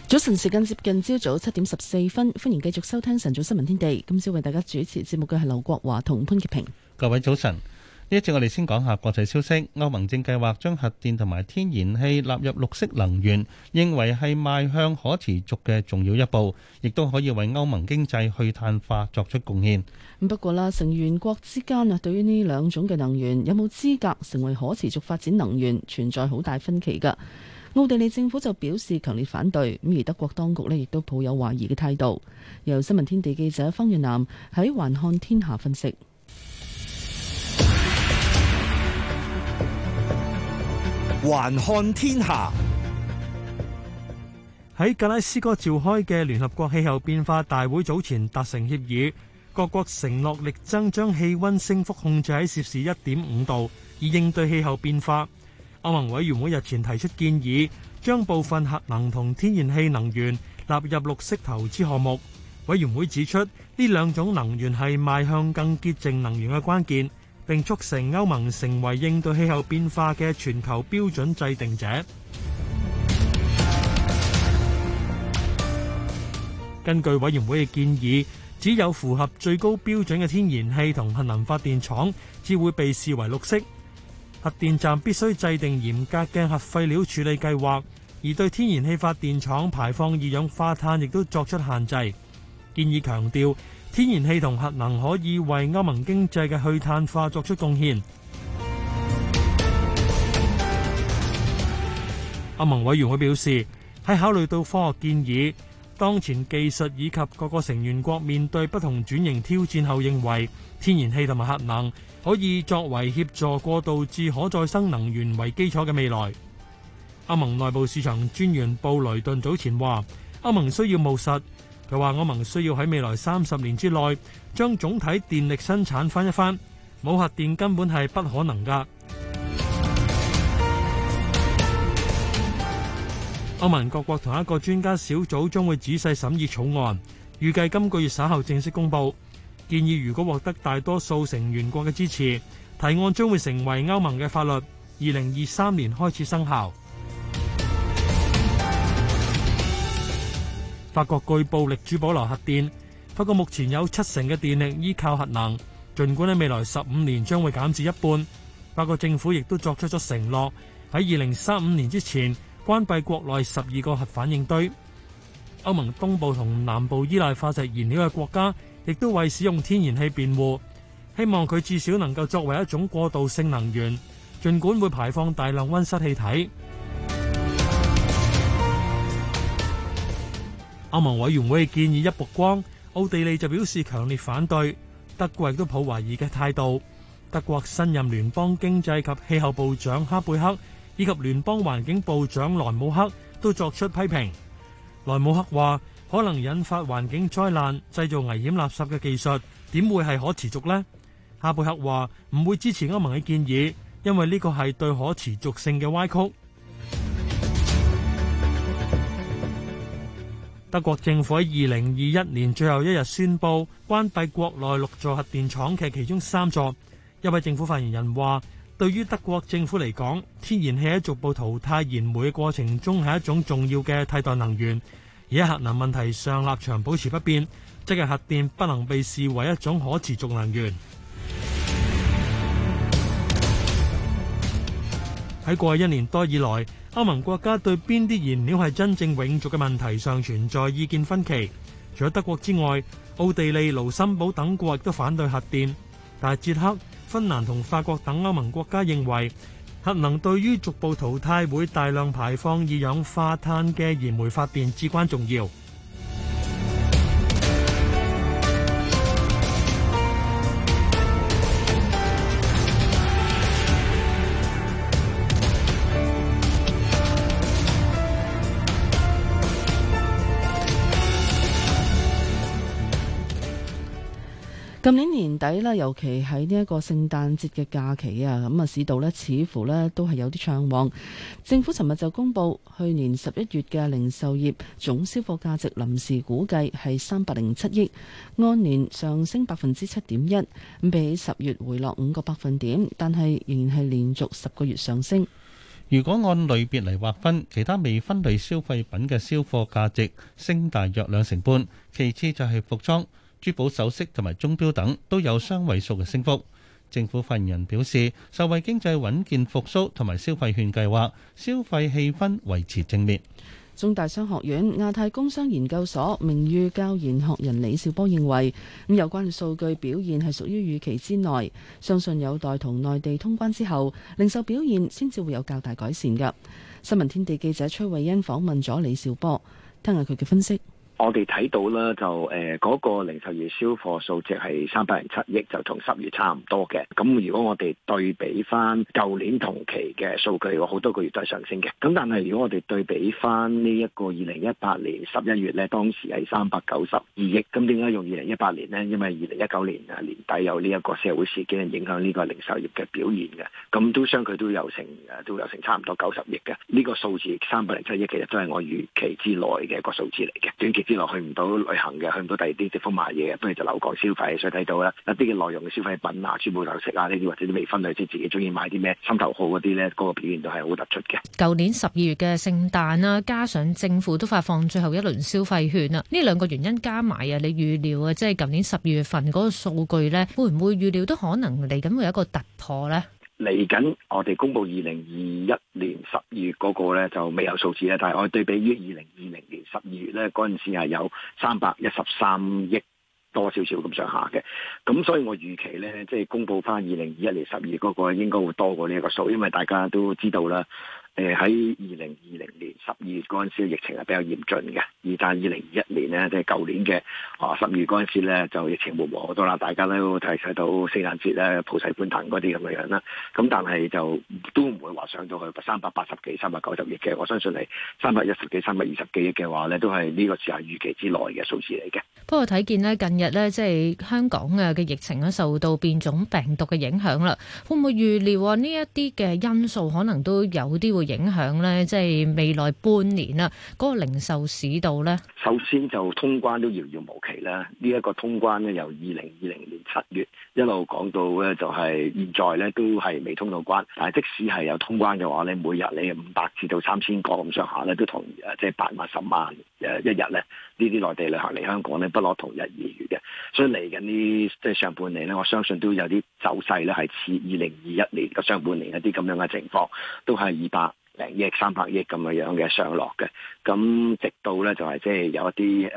早晨時間接近朝早七點十四分，歡迎繼續收聽晨早新聞天地。今朝為大家主持節目嘅係劉國華同潘潔平。
各位早晨，呢一節我哋先講下國際消息。歐盟正計劃將核電同埋天然氣納入綠色能源，認為係邁向可持續嘅重要一步，亦都可以為歐盟經濟去碳化作出貢獻。咁
不過啦，成員國之間啊，對於呢兩種嘅能源有冇資格成為可持續發展能源，存在好大分歧噶。奧地利政府就表示強烈反對，咁而德國當局咧亦都抱有懷疑嘅態度。由新聞天地記者方悅南喺橫看天下分析。
還看天下。喺格拉斯哥召開嘅聯合國氣候變化大會早前達成協議，各國承諾力爭將氣温升幅控制喺攝氏一點五度，以應對氣候變化。歐盟委員會日前提出建議，將部分核能同天然氣能源納入綠色投資項目。委員會指出，呢兩種能源係邁向更潔淨能源嘅關鍵。並促成歐盟成為應對氣候變化嘅全球標準制定者。根據委員會嘅建議，只有符合最高標準嘅天然氣同核能發電廠，只會被視為綠色。核電站必須制定嚴格嘅核廢料處理計劃，而對天然氣發電廠排放二氧化碳亦都作出限制。建議強調，天然氣同核能可以為歐盟經濟嘅去碳化作出貢獻。歐盟委員會表示，喺考慮到科學建議、當前技術以及各個成員國面對不同轉型挑戰後，認為天然氣同埋核能可以作為協助過渡至可再生能源為基礎嘅未來。歐盟內部市場專員布雷頓早前話：歐盟需要務實。又話歐盟需要喺未來三十年之內將總體電力生產翻一番，冇核電根本係不可能噶 歐盟各國同一個專家小組將會仔細審議草案，預計今個月稍後正式公布建議。如果獲得大多數成員國嘅支持，提案將會成為歐盟嘅法律，二零二三年開始生效。法國巨暴力主保留核電，法國目前有七成嘅電力依靠核能，儘管喺未來十五年將會減至一半。法國政府亦都作出咗承諾，喺二零三五年之前關閉國內十二個核反應堆。歐盟東部同南部依賴化石燃料嘅國家，亦都為使用天然氣辯護，希望佢至少能夠作為一種過渡性能源，儘管會排放大量温室氣體。歐盟委員會嘅建議一曝光，奧地利就表示強烈反對，德國亦都抱懷疑嘅態度。德國新任聯邦經濟及氣候部長哈貝克以及聯邦環境部長萊姆克都作出批評。萊姆克話：可能引發環境災難、製造危險垃圾嘅技術，點會係可持續呢？哈貝克話：唔會支持歐盟嘅建議，因為呢個係對可持續性嘅歪曲。德國政府喺二零二一年最後一日宣布關閉國內六座核電廠嘅其中三座。一位政府發言人話，對於德國政府嚟講，天然氣喺逐步淘汰燃煤嘅過程中係一種重要嘅替代能源。而喺核能問題上立場保持不變，即係核電不能被視為一種可持續能源。喺過去一年多以來，歐盟國家對邊啲燃料係真正永續嘅問題上存在意見分歧。除咗德國之外，奧地利、盧森堡等國亦都反對核電。但係捷克、芬蘭同法國等歐盟國家認為核能對於逐步淘汰會大量排放二氧化碳嘅燃煤發電至關重要。
今年年底啦，尤其喺呢一個聖誕節嘅假期啊，咁啊市道咧似乎咧都係有啲暢旺。政府尋日就公布去年十一月嘅零售業總銷貨價值臨時估計係三百零七億，按年上升百分之七點一，比十月回落五個百分點，但係仍然係連續十個月上升。如
果按類別嚟劃分，其他未分類消費品嘅銷貨價值升大約兩成半，其次就係服裝。珠寶首飾同埋鐘錶等都有雙位數嘅升幅。政府發言人表示，受惠經濟穩健復蘇同埋消費券計劃，消費氣氛維持正面。
中大商學院、亞太工商研究所名譽教研學人李兆波認為，咁有關嘅數據表現係屬於預期之內，相信有待同內地通關之後，零售表現先至會有較大改善嘅。新聞天地記者崔慧欣訪問咗李兆波，聽下佢嘅分析。
我哋睇到啦，就誒、呃嗰個零售業銷貨數值係三百零七億，就同十月差唔多嘅。咁如果我哋對比翻舊年同期嘅數據，好多個月都係上升嘅。咁但係如果我哋對比翻呢一個二零一八年十一月咧，當時係三百九十二億。咁點解用二零一八年呢？因為二零一九年啊年底有呢一個社會事件影響呢個零售業嘅表現嘅。咁都相佢都有成，都有成差唔多九十億嘅呢、呢個數字，三百零七億其實都係我預期之內嘅一個數字嚟嘅。短期落去唔到旅行嘅，去唔到第二啲地方買嘢，不如就留港消費。所以睇到咧一啲嘅內容嘅消費品啊，全部留食啊呢啲，或者啲未分類即係自己中意買啲咩心頭好嗰啲咧，嗰、嗰個表現都係好突出嘅。
舊年十二月嘅聖誕啊，加上政府都發放最後一輪消費券啊，呢兩個原因加埋啊，你預料啊，即係舊年十二月份嗰個數據咧，會唔會預料都可能嚟緊會有一個突破咧？
嚟緊我哋公布二零二一年十二月嗰個咧就未有數字咧，但係我對比於二零二零年十二月咧嗰陣時係有三百一十三億多少少咁上下嘅，咁所以我預期咧即係公布翻二零二一年十二月嗰個應該會多過呢一個數，因為大家都知道啦。誒，喺二零二零年十二月嗰陣時，疫情係比較嚴峻嘅。而但二零二一年呢，即係舊年嘅啊十二月嗰陣時呢，就疫情冇咁多啦。大家都睇睇到聖誕節呢，普世歡騰嗰啲咁嘅樣啦。咁但係就都唔會話上到去三百八十幾、三百九十億嘅。我相信你三百一十幾、三百二十幾億嘅話呢，都係呢個時候預期之內嘅數字嚟嘅。
不過睇見呢，近日呢，即係香港嘅疫情咧受到變種病毒嘅影響啦，會唔會預料呢一啲嘅因素可能都有啲會？影響咧，即係未來半年啦，嗰個零售市道咧。
首先就通關都遙遙無期啦，呢一個通關咧由二零二零年七月。一路講到咧，就係現在咧都係未通到關，但係即使係有通關嘅話咧，每日你五百至到三千個咁上下咧，都同誒即係八萬十萬誒一日咧，呢啲內地旅客嚟香港咧，不可同日而語嘅，所以嚟緊呢即係上半年咧，我相信都有啲走勢咧，係似二零二一年嘅上半年一啲咁樣嘅情況，都係二百零億三百億咁嘅樣嘅上落嘅，咁直到咧就係即係有一啲誒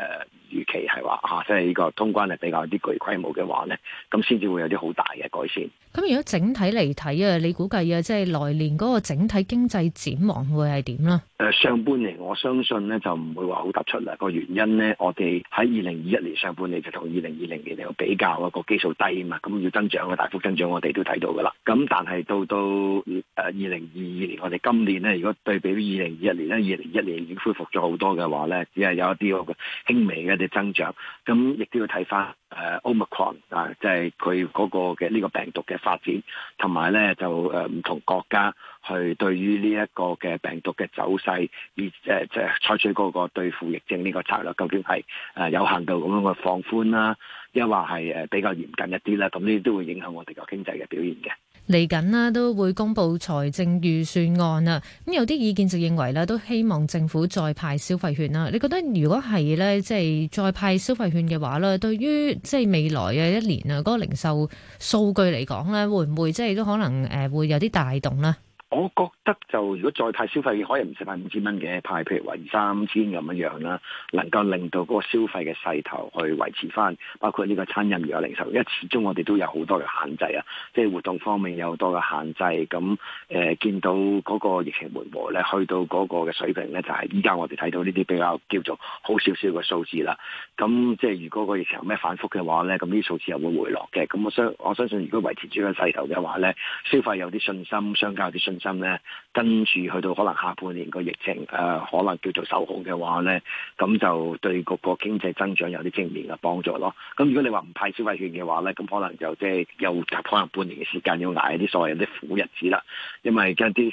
預期係話嚇，即係呢個通關係比較啲具規模嘅話咧，咁先至會有啲好大嘅改善。
咁如果整體嚟睇啊，你估計啊，即係來年嗰個整體經濟展望會係點啦？
誒、呃、上半年我相信咧就唔會話好突出啦。個原因咧，我哋喺二零二一年上半年就同二零二零年嚟比較啊，個基數低啊嘛，咁要增長嘅大幅增長我，我哋都睇到噶啦。咁但係到到誒二零二二年，我哋今年如果對比二零二一年咧，二零二一年已經恢復咗好多嘅話咧，只係有一啲個輕微嘅啲增長。咁亦都要睇返誒奧密克戎啊，即係佢嗰個嘅呢、這個病毒嘅發展，同埋咧就誒唔、呃、同國家去對於呢一個嘅病毒嘅走勢，而誒即係採取嗰個對付疫症呢個策略，究竟係誒、呃、有限度咁樣嘅放寬啦，抑、啊、或係誒比較嚴謹一啲啦，咁呢啲都會影響我哋個經濟嘅表現嘅。
嚟緊啦，都會公布財政預算案啦。咁有啲意見就認為咧，都希望政府再派消費券啦。你覺得如果係咧，即係再派消費券嘅話咧，對於即係未來嘅一年啊，嗰個零售數據嚟講咧，會唔會即係都可能誒會有啲大動呢？
我覺得就如果再派消費，可以唔使派五千蚊嘅，派譬如話二三千咁樣樣啦，能夠令到嗰個消費嘅勢頭去維持翻，包括呢個餐飲業、零售，因為始終我哋都有好多嘅限制啊，即係活動方面有好多嘅限制。咁誒、呃，見到嗰個疫情緩和咧，去到嗰個嘅水平咧，就係依家我哋睇到呢啲比較叫做好少少嘅數字啦。咁即係如果個疫情有咩反覆嘅話咧，咁啲數字又會回落嘅。咁我相我相信，如果維持住個勢頭嘅話咧，消費有啲信心，商家有啲信心。心咧，跟住去到可能下半年個疫情，誒、呃、可能叫做受控嘅話咧，咁就對個個經濟增長有啲正面嘅幫助咯。咁如果你話唔派消費券嘅話咧，咁可能就即係又可能半年嘅時間要挨一啲所謂啲苦日子啦。因為一啲誒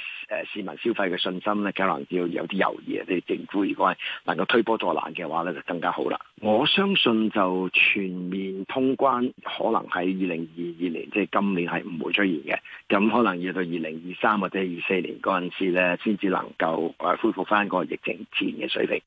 市民消費嘅信心咧，可能要有啲猶豫啊。即係政府如果係能夠推波助瀾嘅話咧，就更加好啦。我相信就全面通關可能喺二零二二年，即係今年係唔會出現嘅。咁可能要到二零二三啊。即係二四年嗰陣時咧，先至能夠誒恢復翻個疫情前嘅水平。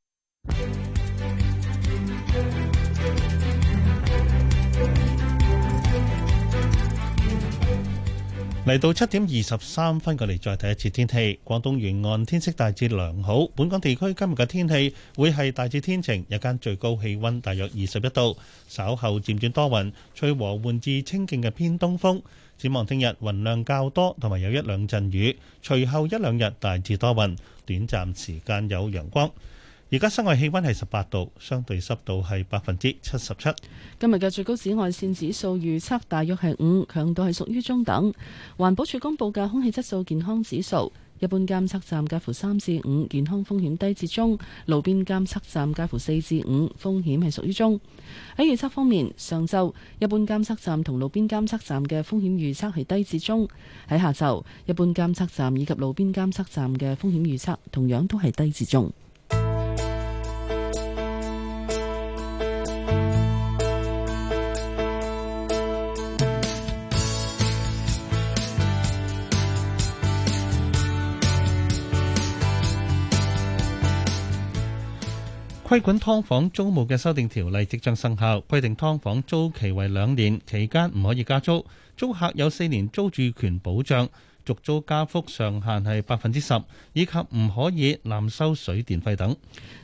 嚟到七點二十三分，過嚟再睇一次天氣。廣東沿岸天色大致良好，本港地區今日嘅天氣會係大致天晴，日間最高氣溫大約二十一度，稍後漸轉多雲，吹和緩至清勁嘅偏東風。展望聽日雲量較多，同埋有一兩陣雨。隨後一兩日大致多雲，短暫時間有陽光。而家室外氣温係十八度，相對濕度係百分之七十七。
今日嘅最高紫外線指數預測大約係五，強度係屬於中等。環保署公佈嘅空氣質素健康指數。一般監測站介乎三至五，健康風險低至中；路邊監測站介乎四至五，風險係屬於中。喺預測方面，上晝一般監測站同路邊監測站嘅風險預測係低至中；喺下晝，一般監測站以及路邊監測站嘅風險預測同樣都係低至中。
規管劏房租務嘅修訂條例即將生效，規定劏房租期為兩年，期間唔可以加租，租客有四年租住權保障，續租加幅上限係百分之十，以及唔可以濫收水電費等。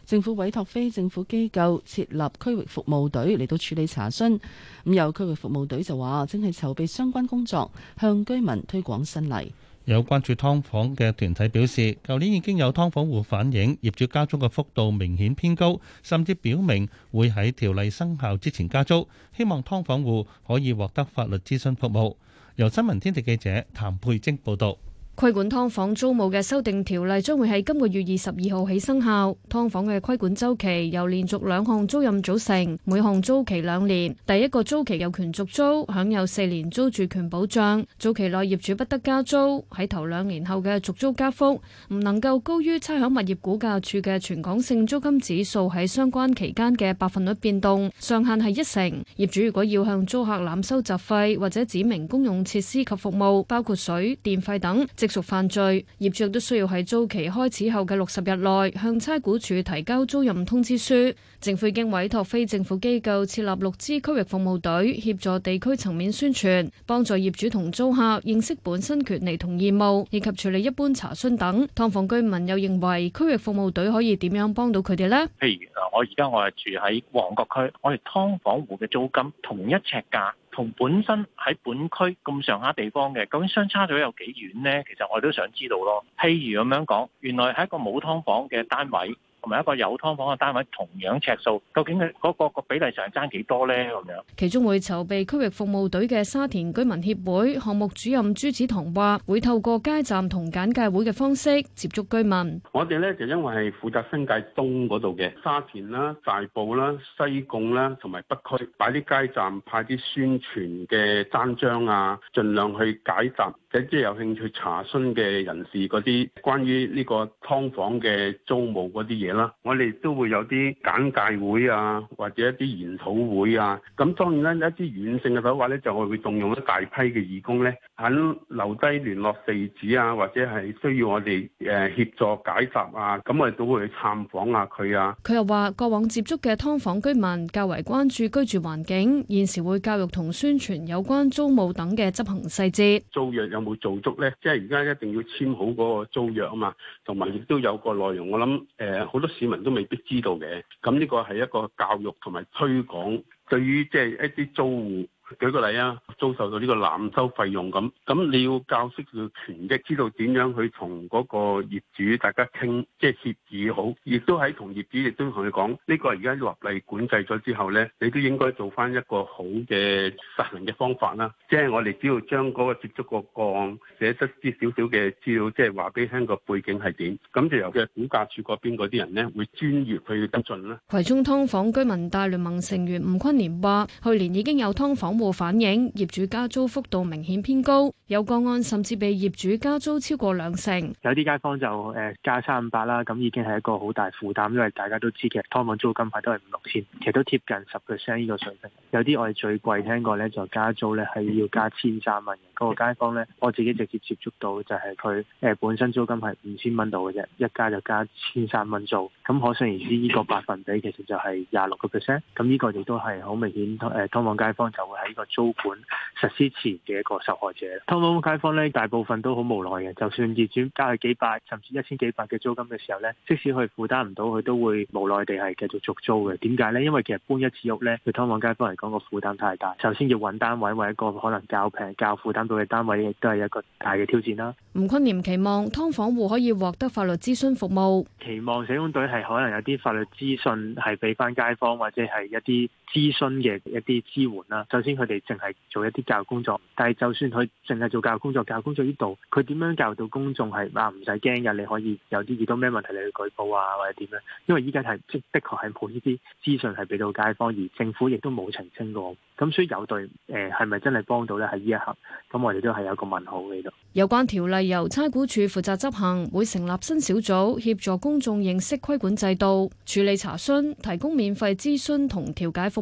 政府委託非政府機構設立區域服務隊嚟到處理查詢，咁有區域服務隊就話正係籌備相關工作，向居民推廣新例。
有關注劏房嘅團體表示，舊年已經有劏房戶反映業主加租嘅幅度明顯偏高，甚至表明會喺條例生效之前加租。希望劏房戶可以獲得法律諮詢服務。由新聞天地記者譚佩晶報導。
規管劏房租務嘅修訂條例將會喺今個月二十二號起生效。劏房嘅規管周期由連續兩項租賃組成，每項租期兩年。第一個租期有權續租，享有四年租住權保障。租期內業主不得加租。喺頭兩年後嘅續租加幅唔能夠高於差餉物業估價處嘅全港性租金指數喺相關期間嘅百分率變動上限係一成。業主如果要向租客濫收雜費或者指明公用設施及服務，包括水電費等。即屬犯罪，業主都需要喺租期開始後嘅六十日內向差估署提交租賃通知書。政府已經委託非政府機構設立六支區域服務隊，協助地區層面宣傳，幫助業主同租客認識本身權利同義務，以及處理一般查詢等。劏房居民又認為，區域服務隊可以點樣幫到佢哋呢？
譬如啊，我而家我係住喺旺角區，我哋㓥房戶嘅租金同一尺價。同本身喺本區咁上下地方嘅究竟相差咗有幾遠呢？其實我都想知道咯。譬如咁樣講，
原來係一個冇劏房嘅單位。同埋一個有劏房嘅單位，同樣尺數，究竟佢嗰個比例上爭幾多咧？咁樣，
其中會籌備區域服務隊嘅沙田居民協會項目主任朱子彤話，會透過街站同簡介會嘅方式接觸居民。
我哋咧就因為係負責新界東嗰度嘅沙田啦、大埔啦、西貢啦同埋北區，擺啲街站，派啲宣傳嘅單張啊，儘量去解答，即係即係有興趣查詢嘅人士嗰啲關於呢個劏房嘅租務嗰啲嘢。我哋都會有啲簡介會啊，或者一啲研討會啊。咁當然啦，一啲軟性嘅手法咧，就會會動用一大批嘅義工咧，肯留低聯絡地址啊，或者係需要我哋誒協助解答啊。咁我哋都會去探訪下佢啊。
佢又話：過往接觸嘅劏房居民較為關注居住環境，現時會教育同宣傳有關租務等嘅執
行細節。租約有冇做足咧？即係而家一定要簽好嗰個租約啊嘛，同埋亦都有個內容。我諗誒好多市民都未必知道嘅，咁呢個係一個教育同埋推廣，對於即係一啲租戶。舉個例啊，遭受到呢個濫收費用咁，咁你要教識佢權益，知道點樣去同嗰個業主大家傾，即係協議好，亦都喺同業主，亦都同佢講，呢個而家落例管制咗之後咧，你都應該做翻一個好嘅實行嘅方法啦。即係我哋只要將嗰個接觸個案寫出啲少少嘅資料，即係話俾聽個背景係點，咁就由嘅估價處嗰邊嗰啲人咧會專業去跟進啦。
葵涌劏房居民大聯盟成員吳坤年話：去年已經有劏房。冇反映，業主加租幅度明顯偏高，有個案甚至被業主加租超過兩成。
有啲街坊就誒加三百啦，咁已經係一個好大負擔，因為大家都知其實劏房租金係都係五六千，其實都貼近十 percent 呢個水平。有啲我哋最貴聽過咧，就加租咧係要加千三蚊。嗰個街坊咧，我自己直接接觸到就係佢誒本身租金係五千蚊度嘅啫，一加就加千三蚊租，咁可想而知呢個百分比其實就係廿六個 percent。咁呢個亦都係好明顯誒劏房街坊就會。喺個租管實施前嘅一個受害者，劏房街坊咧，大部分都好無奈嘅。就算業主加去幾百，甚至一千幾百嘅租金嘅時候咧，即使佢負擔唔到，佢都會無奈地係繼續續租嘅。點解咧？因為其實搬一次屋咧，對劏房街坊嚟講個負擔太大。首先要揾單位，或一個可能較平、較負擔到嘅單位，亦都係一個大嘅挑戰啦。
吳坤廉期望劏房戶可以獲得法律諮詢服務，
期望社工隊係可能有啲法律資訊係俾返街坊，或者係一啲。諮詢嘅一啲支援啦，首先佢哋淨係做一啲教育工作，但係就算佢淨係做教育工作，教育工作呢度佢點樣教育到公眾係啊，唔使驚嘅，你可以有啲遇到咩問題你去舉報啊或者點樣，因為依家係即的確係冇呢啲資訊係俾到街坊，而政府亦都冇澄清過，咁所以有對誒係咪真係幫到咧，喺呢一刻，咁我哋都係有個問號喺度。
有關條例由差估署負責執行，會成立新小組協助公眾認識規管制度，處理查詢，提供免費諮詢同調解服。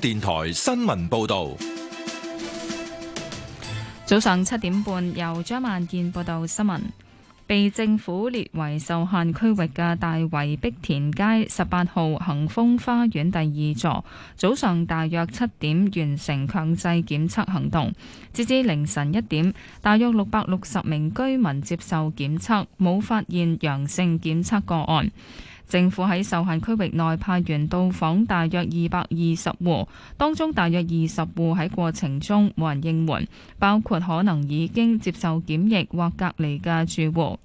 電台新聞報道：
早上七點半，由張萬健報道新聞。被政府列為受限區域嘅大圍碧田街十八號恒豐花園第二座，早上大約七點完成強制檢測行動。截至凌晨一點，大約六百六十名居民接受檢測，冇發現陽性檢測個案。政府喺受限區域內派員到訪大約二百二十戶，當中大約二十戶喺過程中冇人應門，包括可能已經接受檢疫或隔離嘅住戶。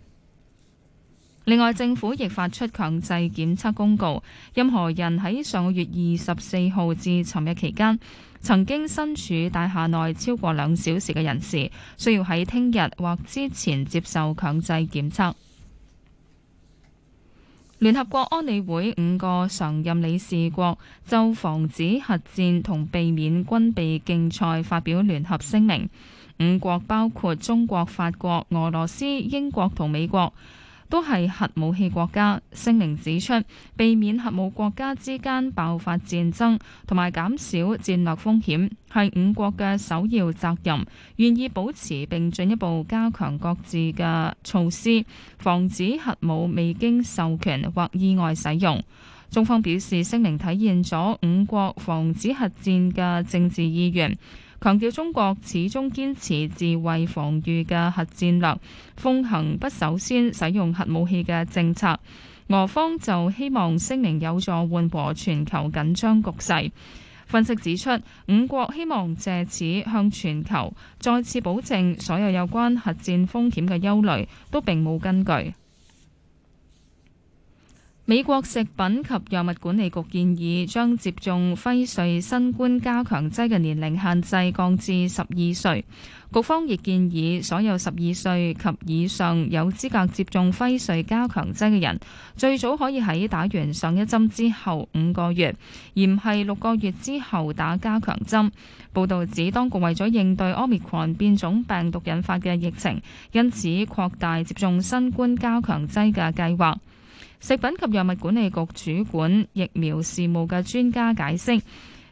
另外，政府亦發出強制檢測公告，任何人喺上個月二十四號至尋日期間曾經身處大廈內超過兩小時嘅人士，需要喺聽日或之前接受強制檢測。聯合國安理會五個常任理事國就防止核戰同避免軍備競賽發表聯合聲明。五國包括中國、法國、俄羅斯、英國同美國。都係核武器國家，聲明指出，避免核武國家之間爆發戰爭同埋減少戰略風險係五國嘅首要責任。願意保持並進一步加強各自嘅措施，防止核武未經授權或意外使用。中方表示聲明體現咗五國防止核戰嘅政治意願。強調中國始終堅持自衛防禦嘅核戰略，奉行不首先使用核武器嘅政策。俄方就希望聲明有助緩和全球緊張局勢。分析指出，五國希望藉此向全球再次保證，所有有關核戰風險嘅憂慮都並冇根據。美國食品及藥物管理局建議將接種輝瑞新冠加強劑嘅年齡限制降至十二歲。局方亦建議所有十二歲及以上有資格接種輝瑞加強劑嘅人，最早可以喺打完上一針之後五個月，而唔係六個月之後打加強針。報道指，當局為咗應對 Omicron 變種病毒引發嘅疫情，因此擴大接種新冠加強劑嘅計劃。食品及藥物管理局主管疫苗事務嘅專家解釋，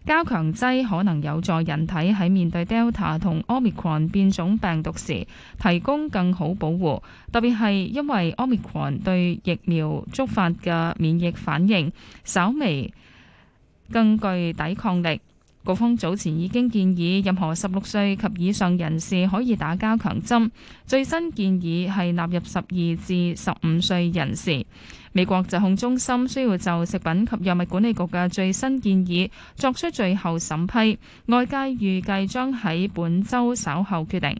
加強劑劑可能有助人體喺面對 Delta 同 Omicron 變種病毒時提供更好保護，特別係因為 Omicron 對疫苗觸發嘅免疫反應稍微更具抵抗力。局方早前已經建議任何十六歲及以上人士可以打加強針，最新建議係納入十二至十五歲人士。美國疾控中心需要就食品及藥物管理局嘅最新建議作出最後審批，外界預計將喺本周稍後決定。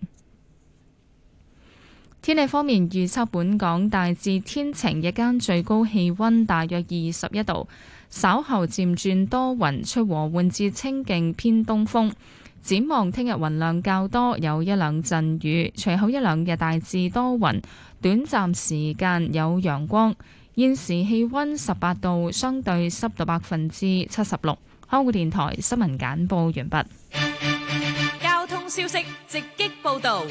天氣方面，預測本港大致天晴，日間最高氣温大約二十一度，稍後漸轉多雲，吹和緩至清勁偏東風。展望聽日雲量較多，有一兩陣雨，隨後一兩日大致多雲，短暫時間有陽光。現時氣溫十八度，相對濕度百分之七十六。香港電台新聞簡報完畢。
交通消息直擊
報導。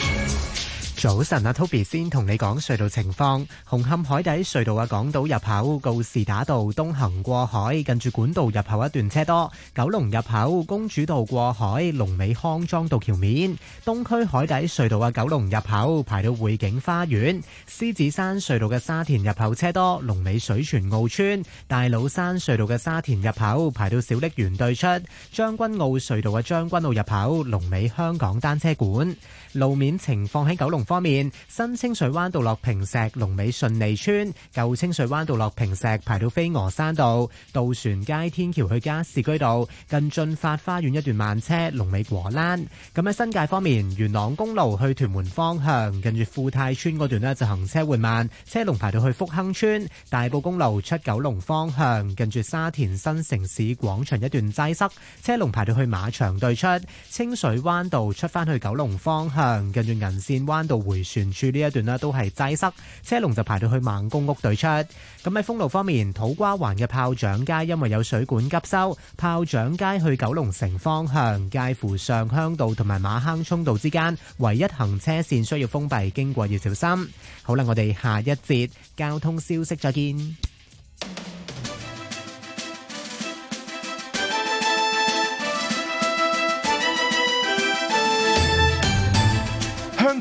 早晨啊，Toby 先同你講隧道情況。紅磡海底隧道嘅港島入口告士打道東行過海，近住管道入口一段車多。九龍入口公主道過海，龍尾康莊道橋面。東區海底隧道嘅九龍入口排到匯景花園。獅子山隧道嘅沙田入口車多，龍尾水泉澳村。大老山隧道嘅沙田入口排到小瀝源對出。將軍澳隧道嘅將軍澳入口龍尾香港單車館。路面情況喺九龍方面，新清水灣道落坪石，龍尾順利村；舊清水灣道落坪石，排到飛鵝山道；渡船街天橋去加士居道，近進發花園一段慢車，龍尾果欄。咁喺新界方面，元朗公路去屯門方向，近住富泰村嗰段呢就行車緩慢，車龍排到去福亨村；大埔公路出九龍方向，近住沙田新城市廣場一段擠塞，車龍排到去馬場對出；清水灣道出翻去九龍方向，近住銀線彎道回旋處呢一段咧，都係擠塞，車龍就排到去孟公屋對出。咁喺封路方面，土瓜灣嘅炮仗街因為有水管急修，炮仗街去九龍城方向介乎上鄉道同埋馬坑涌道之間，唯一行車綫需要封閉，經過要小心。好啦，我哋下一節交通消息再見。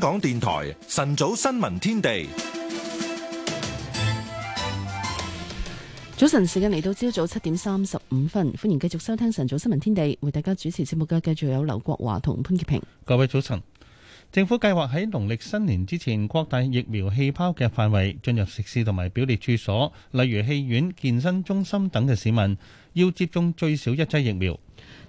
香港電台晨早新聞天地，
早晨時間嚟到朝早七點三十五分，歡迎繼續收聽晨早新聞天地，為大家主持節目嘅繼續有劉國華同潘潔平。
各位早晨，政府計劃喺農曆新年之前，擴大疫苗氣泡嘅範圍，進入食肆同埋表列處所，例如戲院、健身中心等嘅市民，要接種最少一劑疫苗。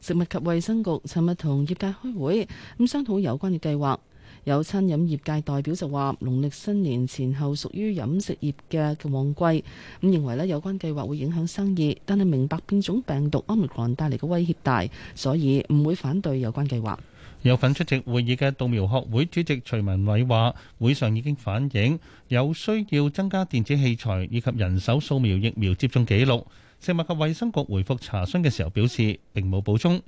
食物及衛生局尋日同業界開會，咁商討有關嘅計劃。有餐飲業界代表就話，農曆新年前後屬於飲食業嘅旺季，咁認為咧有關計劃會影響生意，但係明白變種病毒 Omicron 帶嚟嘅威脅大，所以唔會反對有關計劃。
有份出席會議嘅稻苗學會主席徐文偉話，會上已經反映有需要增加電子器材以及人手掃描疫苗接種記錄。食物及衛生局回覆查詢嘅時候表示，並冇補充。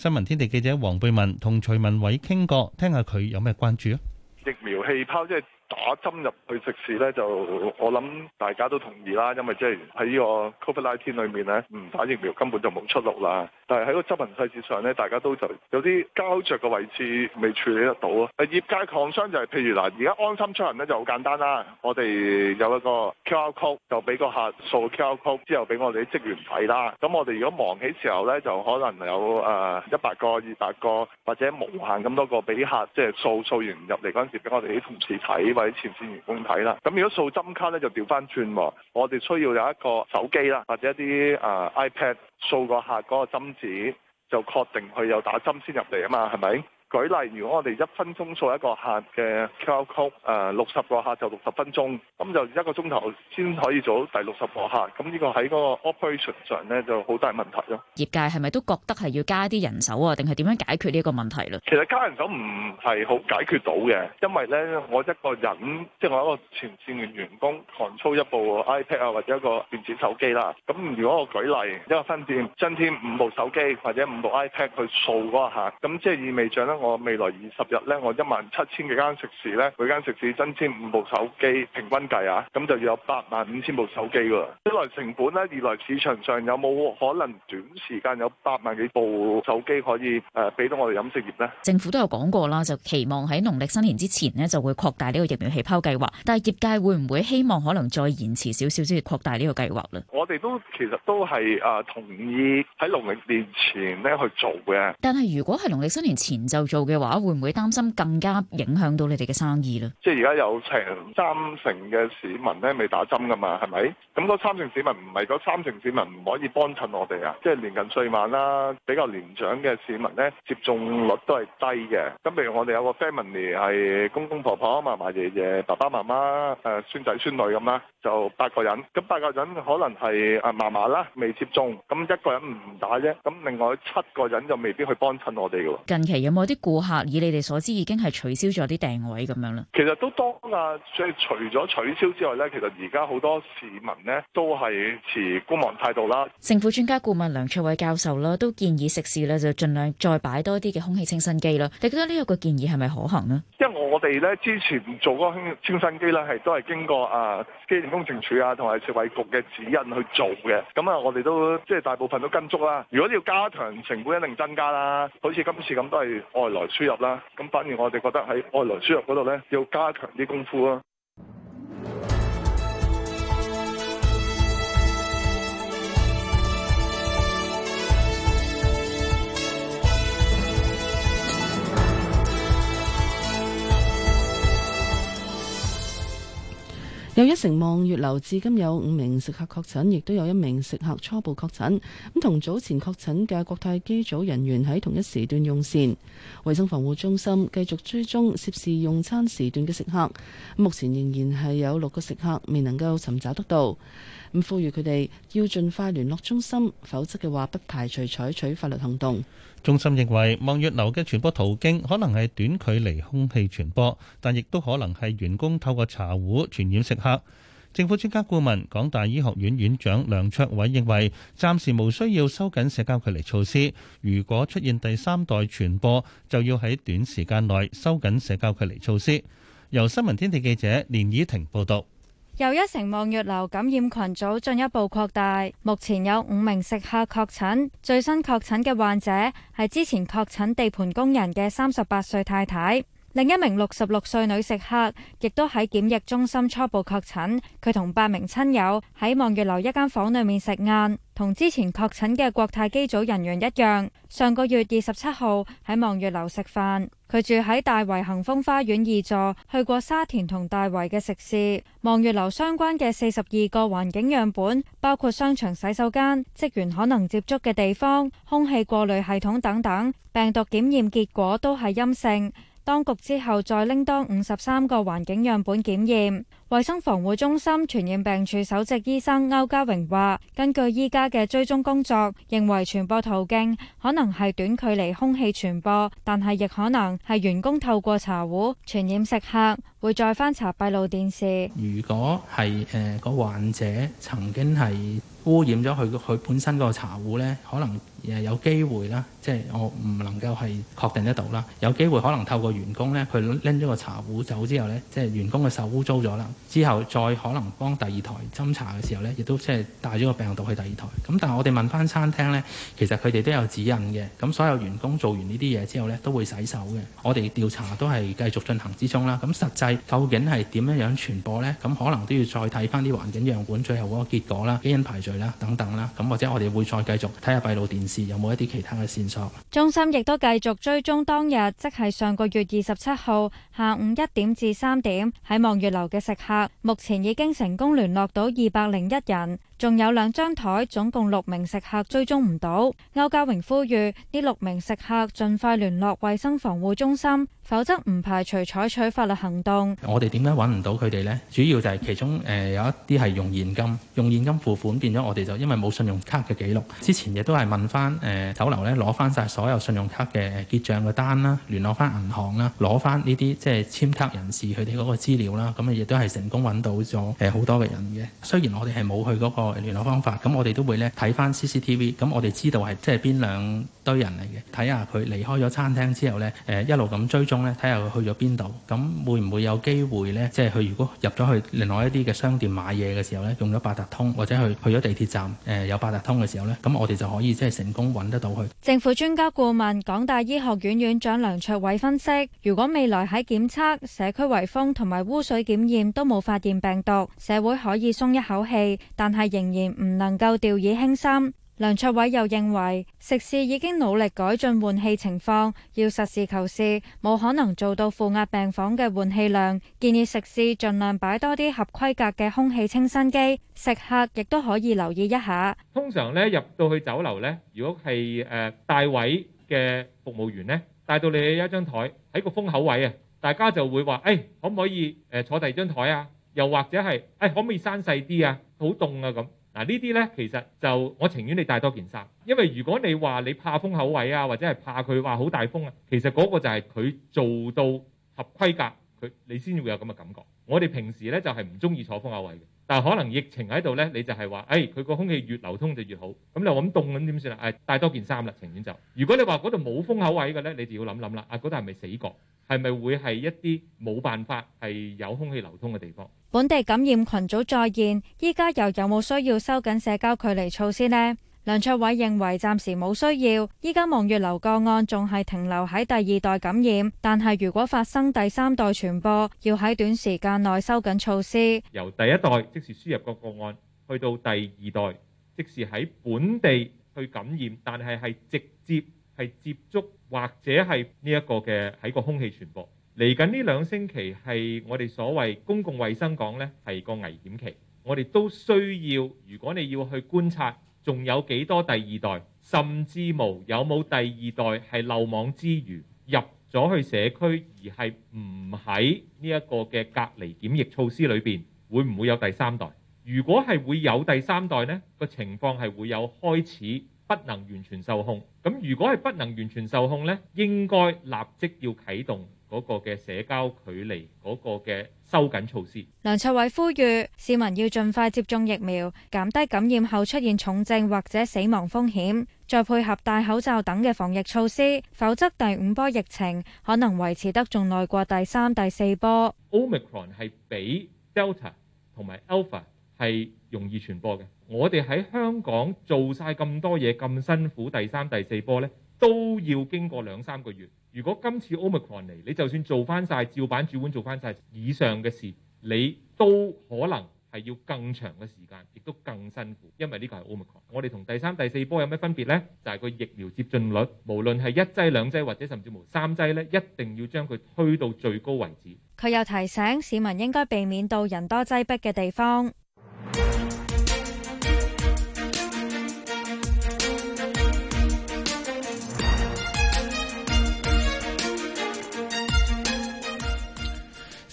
新聞天地記者黃貝文同徐文偉傾過，聽下佢有咩關注啊？
疫苗氣泡即係。打針入去食肆咧，就我諗大家都同意啦，因為即係喺呢個 Covid nineteen 裏面咧，唔打疫苗根本就冇出路啦。但係喺個執行細節上咧，大家都就有啲膠着嘅位置未處理得到啊！業界抗傷就係、是、譬如嗱，而家安心出行咧就好簡單啦。我哋有一個 QR code，就俾個客掃 QR code 之後，俾我哋啲職員睇啦。咁我哋如果忙起時候咧，就可能有誒一百個、二百個或者無限咁多個俾客即係掃掃完入嚟嗰陣時，俾我哋啲同事睇。喺前線員工睇啦，咁如果掃針卡咧就調翻轉，我哋需要有一個手機啦，或者一啲誒、uh, iPad 掃個客嗰個針紙，就確定佢有打針先入嚟啊嘛，係咪？舉例，如果我哋一分鐘掃一個客嘅 QR Code，誒六十個客就六十分鐘，咁就一個鐘頭先可以做到第六十個客，咁呢個喺嗰個 operation 上咧就好大問題咯。
業界係咪都覺得係要加啲人手啊？定係點樣解決呢一個問題？
其實加人手唔係好解決到嘅，因為咧我一個人，即係我一個全線員員工，control 一部 iPad 啊或者一個電子手機啦。咁如果我舉例一個分店增添五部手機或者五部 iPad 去掃嗰個客，咁即係意味着咧。我未來二十日咧，我一萬七千幾間食肆咧，每間食肆增添五部手機，平均計啊，咁就要有八萬五千部手機㗎啦。一來成本咧，二來市場上有冇可能短時間有八萬幾部手機可以誒俾、呃、到我哋飲食業咧？
政府都有講過啦，就期望喺農曆新年之前咧就會擴大呢個疫苗氣泡計劃，但係業界會唔會希望可能再延遲少少先至擴大個計劃呢個計劃
咧？我哋都其實都係誒同意喺農曆年前咧去做嘅。
但係如果係農曆新年前就做嘅話，會唔會擔心更加影響到你哋嘅生意咧？
即係而家有成三成嘅市民咧未打針㗎嘛，係咪？咁嗰三成市民唔係嗰三成市民唔可以幫襯我哋啊？即係年近歲晚啦，比較年長嘅市民咧接種率都係低嘅。咁譬如我哋有個 family 係公公婆婆、嫲嫲爺爺、爸爸媽媽、誒孫仔孫女咁啦，就八個人。咁八個人可能係阿嫲嫲啦未接種，咁一個人唔打啫，咁另外七個人就未必去幫襯我哋嘅喎。
近期有冇啲？顧客以你哋所知已經係取消咗啲訂位咁樣啦。
其實都多啊，即係除咗取消之外咧，其實而家好多市民呢都係持觀望態度啦。
政府專家顧問梁卓偉教授啦，都建議食肆咧就盡量再擺多啲嘅空氣清新機啦。你覺得呢個個建議係咪可行呢？
因為我哋咧之前做嗰個清新機咧，係都係經過啊機電工程署啊同埋食衞局嘅指引去做嘅。咁啊，我哋都即係大部分都跟足啦。如果要加強，成本一定增加啦。好似今次咁都係外來輸入啦，咁反而我哋覺得喺外來輸入嗰度咧，要加強啲功夫啊。
又一城望月樓至今有五名食客確診，亦都有一名食客初步確診。咁同早前確診嘅國泰機組人員喺同一時段用膳。衛生防護中心繼續追蹤涉事用餐時段嘅食客，目前仍然係有六個食客未能夠尋找得到。咁呼籲佢哋要盡快聯絡中心，否則嘅話不排除採取法律行動。
中心認為望月樓嘅傳播途徑可能係短距離空氣傳播，但亦都可能係員工透過茶壺傳染食客。政府專家顧問、港大醫學院院長梁卓偉認為，暫時無需要收緊社交距離措施。如果出現第三代傳播，就要喺短時間內收緊社交距離措施。由新聞天地記者連倚婷報道。
又一城望月樓感染群組進一步擴大，目前有五名食客確診，最新確診嘅患者係之前確診地盤工人嘅三十八歲太太。另一名六十六歲女食客亦都喺檢疫中心初步確診。佢同八名親友喺望月樓一間房裏面食晏，同之前確診嘅國泰機組人員一樣。上個月二十七號喺望月樓食飯。佢住喺大圍恒豐花園二座，去過沙田同大圍嘅食肆。望月樓相關嘅四十二個環境樣本，包括商場洗手間、職員可能接觸嘅地方、空氣過濾系統等等，病毒檢驗結果都係陰性。當局之後再拎多五十三個環境樣本檢驗。衛生防護中心傳染病處首席醫生歐家榮話根據依家嘅追蹤工作，認為傳播途徑可能係短距離空氣傳播，但係亦可能係員工透過茶壺傳染食客。會再翻查閉路電視。
如果係誒、呃個患者，曾經係污染咗佢，佢本身個茶壺呢，可能誒有機會啦，即係我唔能夠係確定得到啦。有機會可能透過員工呢，佢拎咗個茶壺走之後呢，即係員工嘅手污糟咗啦。之後再可能幫第二台斟茶嘅時候呢，亦都即係帶咗個病毒去第二台。咁但係我哋問翻餐廳呢，其實佢哋都有指引嘅。咁所有員工做完呢啲嘢之後呢，都會洗手嘅。我哋調查都係繼續進行之中啦。咁實際。究竟係點樣樣傳播呢？咁可能都要再睇翻啲環境樣本最後嗰個結果啦、基因排序啦、等等啦。咁或者我哋會再繼續睇下閉路電視，有冇一啲其他嘅線索。
中心亦都繼續追蹤當日，即係上個月二十七號下午一點至三點喺望月樓嘅食客，目前已經成功聯絡到二百零一人。仲有兩張台，總共六名食客追蹤唔到。歐家榮呼籲呢六名食客盡快聯絡衛生防護中心，否則唔排除採取法律行動。
我哋點解揾唔到佢哋呢？主要就係其中誒有一啲係用現金，用現金付款變咗我哋就因為冇信用卡嘅記錄。之前亦都係問翻誒酒樓咧攞翻晒所有信用卡嘅結賬嘅單啦，聯絡翻銀行啦，攞翻呢啲即係簽卡人士佢哋嗰個資料啦。咁啊亦都係成功揾到咗誒好多嘅人嘅。雖然我哋係冇去嗰個聯絡方法咁，我哋都會咧睇返 CCTV，咁我哋知道係即係邊兩堆人嚟嘅，睇下佢離開咗餐廳之後咧，誒一路咁追蹤咧，睇下佢去咗邊度，咁會唔會有機會咧？即係佢如果入咗去另外一啲嘅商店買嘢嘅時候咧，用咗八達通或者去去咗地鐵站誒有八達通嘅時候咧，咁我哋就可以即係成功揾得到佢。
政府專家顧問、港大醫學院院長梁卓偉分析，如果未來喺檢測社區圍封同埋污水檢驗都冇發現病毒，社會可以鬆一口氣，但係仍仍然唔能夠掉以輕心。梁卓偉又認為食肆已經努力改進換氣情況，要實事求是，冇可能做到負壓病房嘅換氣量。建議食肆盡量擺多啲合規格嘅空氣清新機，食客亦都可以留意一下。通
常呢，入到去酒樓呢，如果係誒帶位嘅服務員呢，帶到你一張台喺個風口位啊，大家就會話誒可唔可以誒坐第二張台啊？又或者係誒可唔可以閂細啲啊？好凍啊！咁嗱呢啲呢，其實就我情願你帶多件衫，因為如果你話你怕風口位啊，或者係怕佢話好大風啊，其實嗰個就係佢做到合規格，佢你先會有咁嘅感覺。我哋平時呢，就係唔中意坐風口位嘅，但係可能疫情喺度呢，你就係話，誒佢個空氣越流通就越好。咁你話咁凍咁點算啊？誒帶、哎、多件衫啦，情願就。如果你話嗰度冇風口位嘅呢，你就要諗諗啦。啊嗰度係咪死角？係咪會係一啲冇辦法係有空氣流通嘅地方？
本地感染群組再現，依家，又有冇需要收緊社交距離措施呢？梁卓偉認為暫時冇需要，依家望月樓個案仲係停留喺第二代感染，但係如果發生第三代傳播，要喺短時間內收緊措施。
由第一代即係輸入個個案去到第二代，即係喺本地去感染，但係係直接係接觸或者係呢一個嘅喺個空氣傳播。嚟緊呢兩星期係我哋所謂公共衛生講呢，係個危險期。我哋都需要，如果你要去觀察，仲有幾多第二代，甚至無有冇第二代係漏網之魚入咗去社區，而係唔喺呢一個嘅隔離檢疫措施裏邊，會唔會有第三代？如果係會有第三代呢，個情況係會有開始不能完全受控。咁如果係不能完全受控呢，應該立即要啟動。嗰個嘅社交距離，嗰個嘅收緊措施。
梁卓偉呼籲市民要盡快接種疫苗，減低感染後出現重症或者死亡風險，再配合戴口罩等嘅防疫措施，否則第五波疫情可能維持得仲耐過第三、第四波。
Omicron 係比 Delta 同埋 Alpha 係容易傳播嘅。我哋喺香港做晒咁多嘢咁辛苦，第三、第四波咧都要經過兩三個月。如果今次 Omicron 嚟，你就算做翻晒照板煮碗，做翻晒以上嘅事，你都可能係要更長嘅時間，亦都更辛苦，因為呢個係 Omicron。我哋同第三、第四波有咩分別咧？就係、是、個疫苗接種率，無論係一劑兩劑或者甚至乎三劑咧，一定要將佢推到最高位置。
佢又提醒市民應該避免到人多擠迫嘅地方。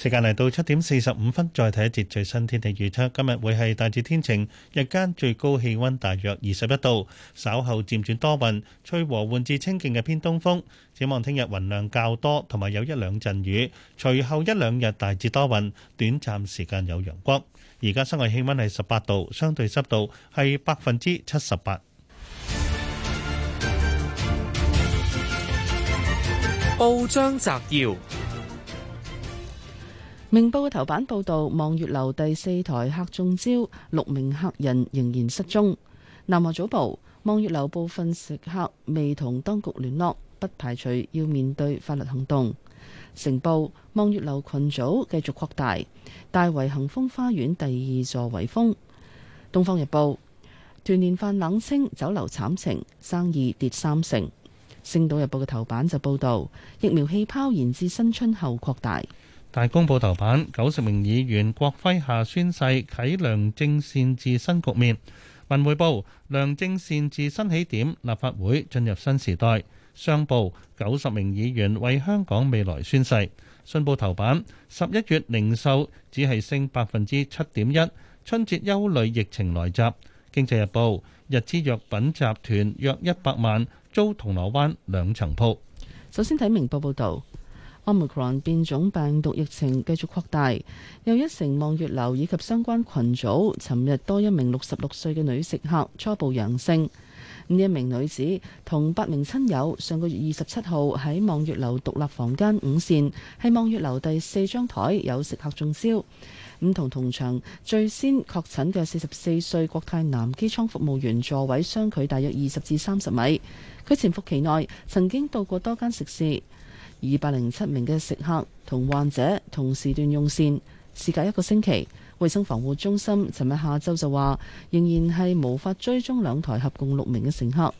時間嚟到七點四十五分，再睇一節最新天氣預測。今日會係大致天晴，日間最高氣温大約二十一度，稍後漸轉多雲，吹和緩至清勁嘅偏東風。展望聽日雲量較多，同埋有一兩陣雨，隨後一兩日大致多雲，短暫時間有陽光。而家室外氣温係十八度，相對濕度係百分之七十八。
報章摘要。明報嘅頭版報道，望月樓第四台客中招，六名客人仍然失蹤。南華早報，望月樓部分食客未同當局聯絡，不排除要面對法律行動。成報，望月樓群組繼續擴大，大圍恒豐花園第二座圍封。東方日報，團年飯冷清，酒樓慘情，生意跌三成。星島日報嘅頭版就報道疫苗氣泡延至新春後擴大。
大公報頭版：九十名議員國徽下宣誓，啟良政善治新局面。文匯報：良政善治新起點，立法會進入新時代。商報：九十名議員為香港未來宣誓。信報頭版：十一月零售只係升百分之七點一，春節憂慮疫情來襲。經濟日報：日資藥品集團約一百萬租銅鑼灣兩層鋪。
首先睇明報報道。奧密克戎變種病毒疫情繼續擴大，又一城望月樓以及相關群組，尋日多一名六十六歲嘅女食客初步陽性。呢一名女子同八名親友上個月二十七號喺望月樓獨立房間午膳，係望月樓第四張台有食客中招。唔同同場最先確診嘅四十四歲國泰男機艙服務員座位相距大約二十至三十米。佢潛伏期內曾經到過多間食肆。二百零七名嘅食客同患者同時段用膳，事隔一個星期，衛生防護中心尋日下晝就話仍然係無法追蹤兩台合共六名嘅乘客，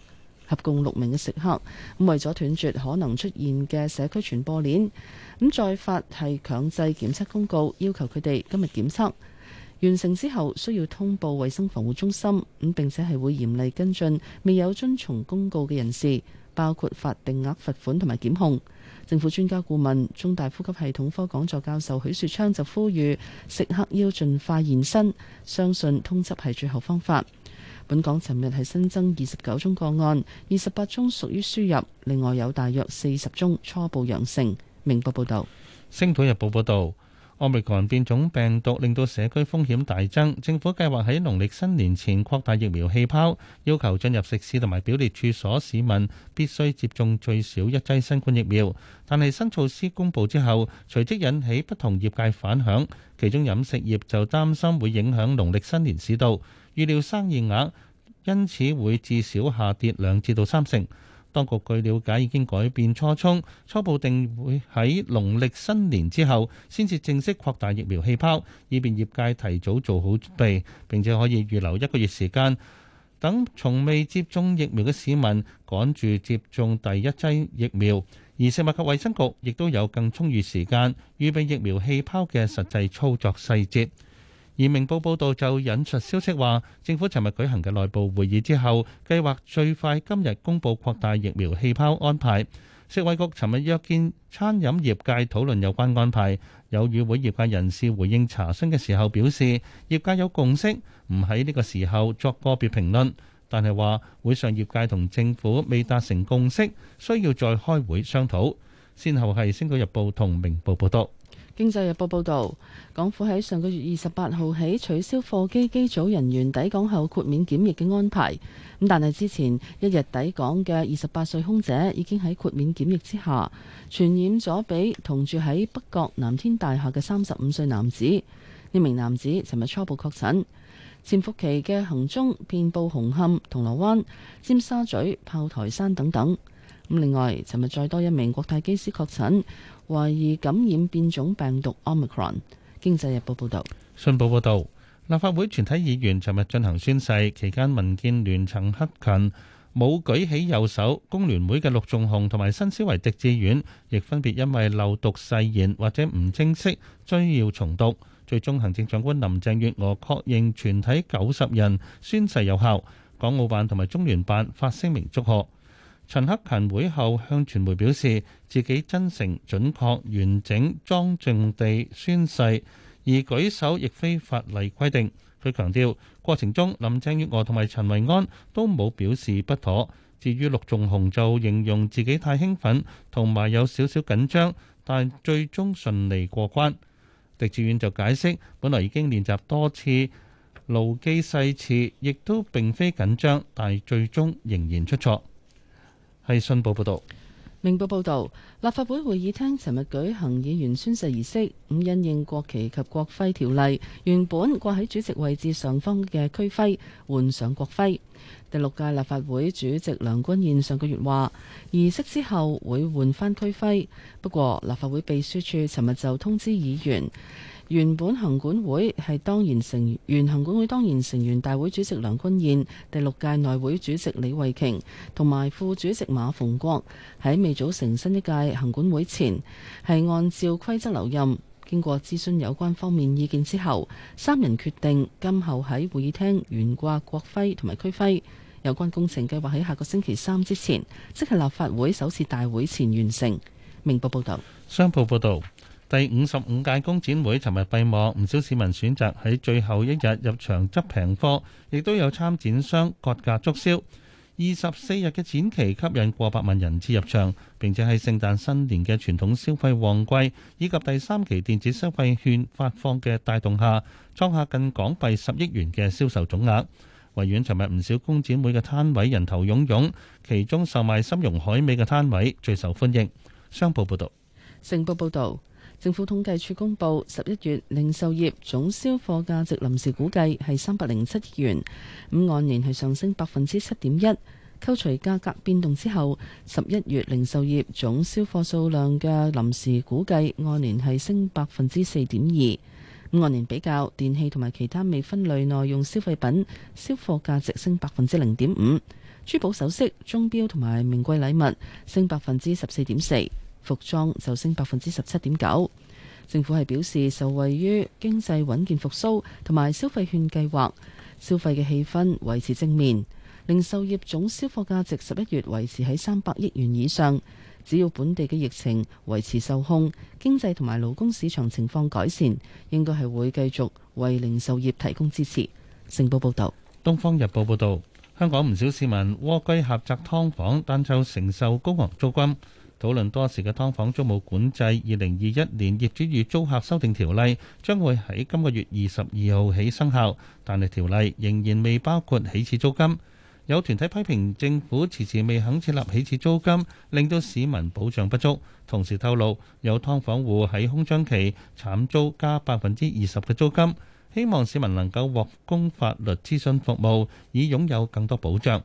合共六名嘅食客，咁為咗斷絕可能出現嘅社區傳播鏈，咁再發係強制檢測公告，要求佢哋今日檢測完成之後需要通報衛生防護中心咁，並且係會嚴厲跟進未有遵從公告嘅人士，包括法定額罰款同埋檢控。政府專家顧問、中大呼吸系統科講座教授許樹昌就呼籲，食客要盡快現身，相信通緝係最後方法。本港尋日係新增二十九宗個案，二十八宗屬於輸入，另外有大約四十宗初步陽性。明報報道。星島日
報，報道》報導。Omicron 變種病毒令到社區風險大增，政府計劃喺農曆新年前擴大疫苗氣泡，要求進入食肆同埋表列處所，市民必須接種最少一劑新冠疫苗。但係新措施公佈之後，隨即引起不同業界反響，其中飲食業就擔心會影響農曆新年市道，預料生意額因此會至少下跌兩至到三成。當局據了解已經改變初衷，初步定會喺農曆新年之後先至正式擴大疫苗氣泡，以便業界提早做好準備，並且可以預留一個月時間，等從未接種疫苗嘅市民趕住接種第一劑疫苗。而食物及衛生局亦都有更充裕時間預備疫苗氣泡嘅實際操作細節。而明報報導就引述消息話，政府尋日舉行嘅內部會議之後，計劃最快今日公布擴大疫苗氣泡安排。食衞局尋日約見餐飲業界討論有關安排，有與會業界人士回應查詢嘅時候表示，業界有共識，唔喺呢個時候作個別評論，但係話會上業界同政府未達成共識，需要再開會商討。先後係《星島日報》同《明報》報導。
經濟日報報導，港府喺上個月二十八號起取消貨機機組人員抵港後豁免檢疫嘅安排。咁但係之前一日抵港嘅二十八歲空姐已經喺豁免檢疫之下傳染咗俾同住喺北角南天大廈嘅三十五歲男子。呢名男子尋日初步確診，潛伏期嘅行蹤遍佈紅磡、銅鑼灣、尖沙咀、炮台山等等。咁另外，尋日再多一名國泰機師確診。懷疑感染變種病毒 Omicron。經濟日報報導，
信報報導，立法會全體議員尋日進行宣誓，期間民建聯陳克勤冇舉起右手，工聯會嘅陸仲雄同埋新思維狄志遠亦分別因為漏讀誓言或者唔正式，需要重讀。最終行政長官林鄭月娥確認全體九十人宣誓有效。港澳辦同埋中聯辦發聲明祝賀。陳克勤會後向傳媒表示，自己真誠、準確、完整、莊正地宣誓，而舉手亦非法例規定。佢強調過程中，林鄭月娥同埋陳維安都冇表示不妥。至於陸頌雄就形容自己太興奮同埋有少少緊張，但最終順利過關。狄志遠就解釋，本來已經練習多次，牢記誓詞，亦都並非緊張，但最終仍然出錯。係信報報道，
明報報道，立法會會議廳尋日舉行議員宣誓儀式，咁因應國旗及國徽條例，原本掛喺主席位置上方嘅區徽換上國徽。第六屆立法會主席梁君彥上個月話，儀式之後會換返區徽，不過立法會秘書處尋日就通知議員。原本行管會係當然成原行管會當然成員，大會主席梁君彥、第六屆內會主席李慧瓊同埋副主席馬逢國，喺未組成新一屆行管會前，係按照規則留任。經過諮詢有關方面意見之後，三人決定今後喺會議廳懸掛國徽同埋區徽。有關工程計劃喺下個星期三之前，即係立法會首次大會前完成。明報報道。商報報導。第五十
五屆工展會尋日閉幕，唔少市民選擇喺最後一日入場執平貨，亦都有參展商割價促銷。二十四日嘅展期吸引過百萬人次入場，並且喺聖誕新年嘅傳統消費旺季以及第三期電子消費券發放嘅帶動下，創下近港幣十億元嘅銷售總額。維園尋日唔少工展會嘅攤位人頭湧湧，其中售賣參茸海味嘅攤位最受歡迎。商報報導，
城報報導。政府統計處公布十一月零售業總銷貨價值臨時估計係三百零七億元，咁按年係上升百分之七點一。扣除價格變動之後，十一月零售業總銷貨數量嘅臨時估計按年係升百分之四點二。按年比較，電器同埋其他未分類耐用消費品銷貨價值升百分之零點五，珠寶首飾、鐘錶同埋名貴禮物升百分之十四點四。服裝就升百分之十七點九。政府係表示受惠於經濟穩健復甦同埋消費券計劃，消費嘅氣氛維持正面。零售業總銷貨價值十一月維持喺三百億元以上。只要本地嘅疫情維持受控，經濟同埋勞工市場情況改善，應該係會繼續為零售業提供支持。成報報道：
東方日報報道，香港唔少市民窩居狹窄劏房，但就承受高昂租金。討論多時嘅劏房租務管制，二零二一年業主與租客修訂條例將會喺今個月二十二號起生效，但係條例仍然未包括起始租金。有團體批評政府遲遲未肯設立起始租金，令到市民保障不足。同時透露，有劏房戶喺空窗期慘租加百分之二十嘅租金。希望市民能夠獲供法律諮詢服務，以擁有更多保障。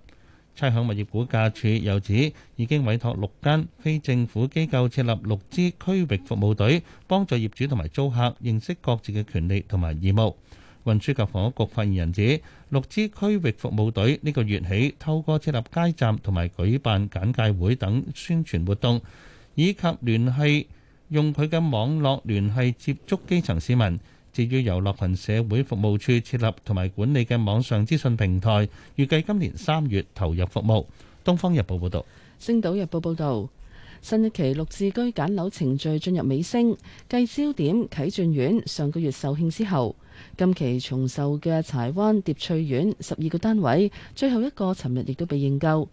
差餉物業估價署又指，已經委託六間非政府機構設立六支區域服務隊，幫助業主同埋租客認識各自嘅權利同埋義務。運輸及房屋局發言人指，六支區域服務隊呢個月起透過設立街站同埋舉辦簡介會等宣傳活動，以及聯繫用佢嘅網絡聯繫接觸基層市民。至於遊樂群社會服務處設立同埋管理嘅網上資訊平台，預計今年三月投入服務。《東方日報》報道。
《星島日報》報道，新一期綠置居揀樓程序進入尾聲，繼焦點啟鑽苑上個月售罄之後，今期重售嘅柴灣疊翠苑十二個單位，最後一個尋日亦都被認購，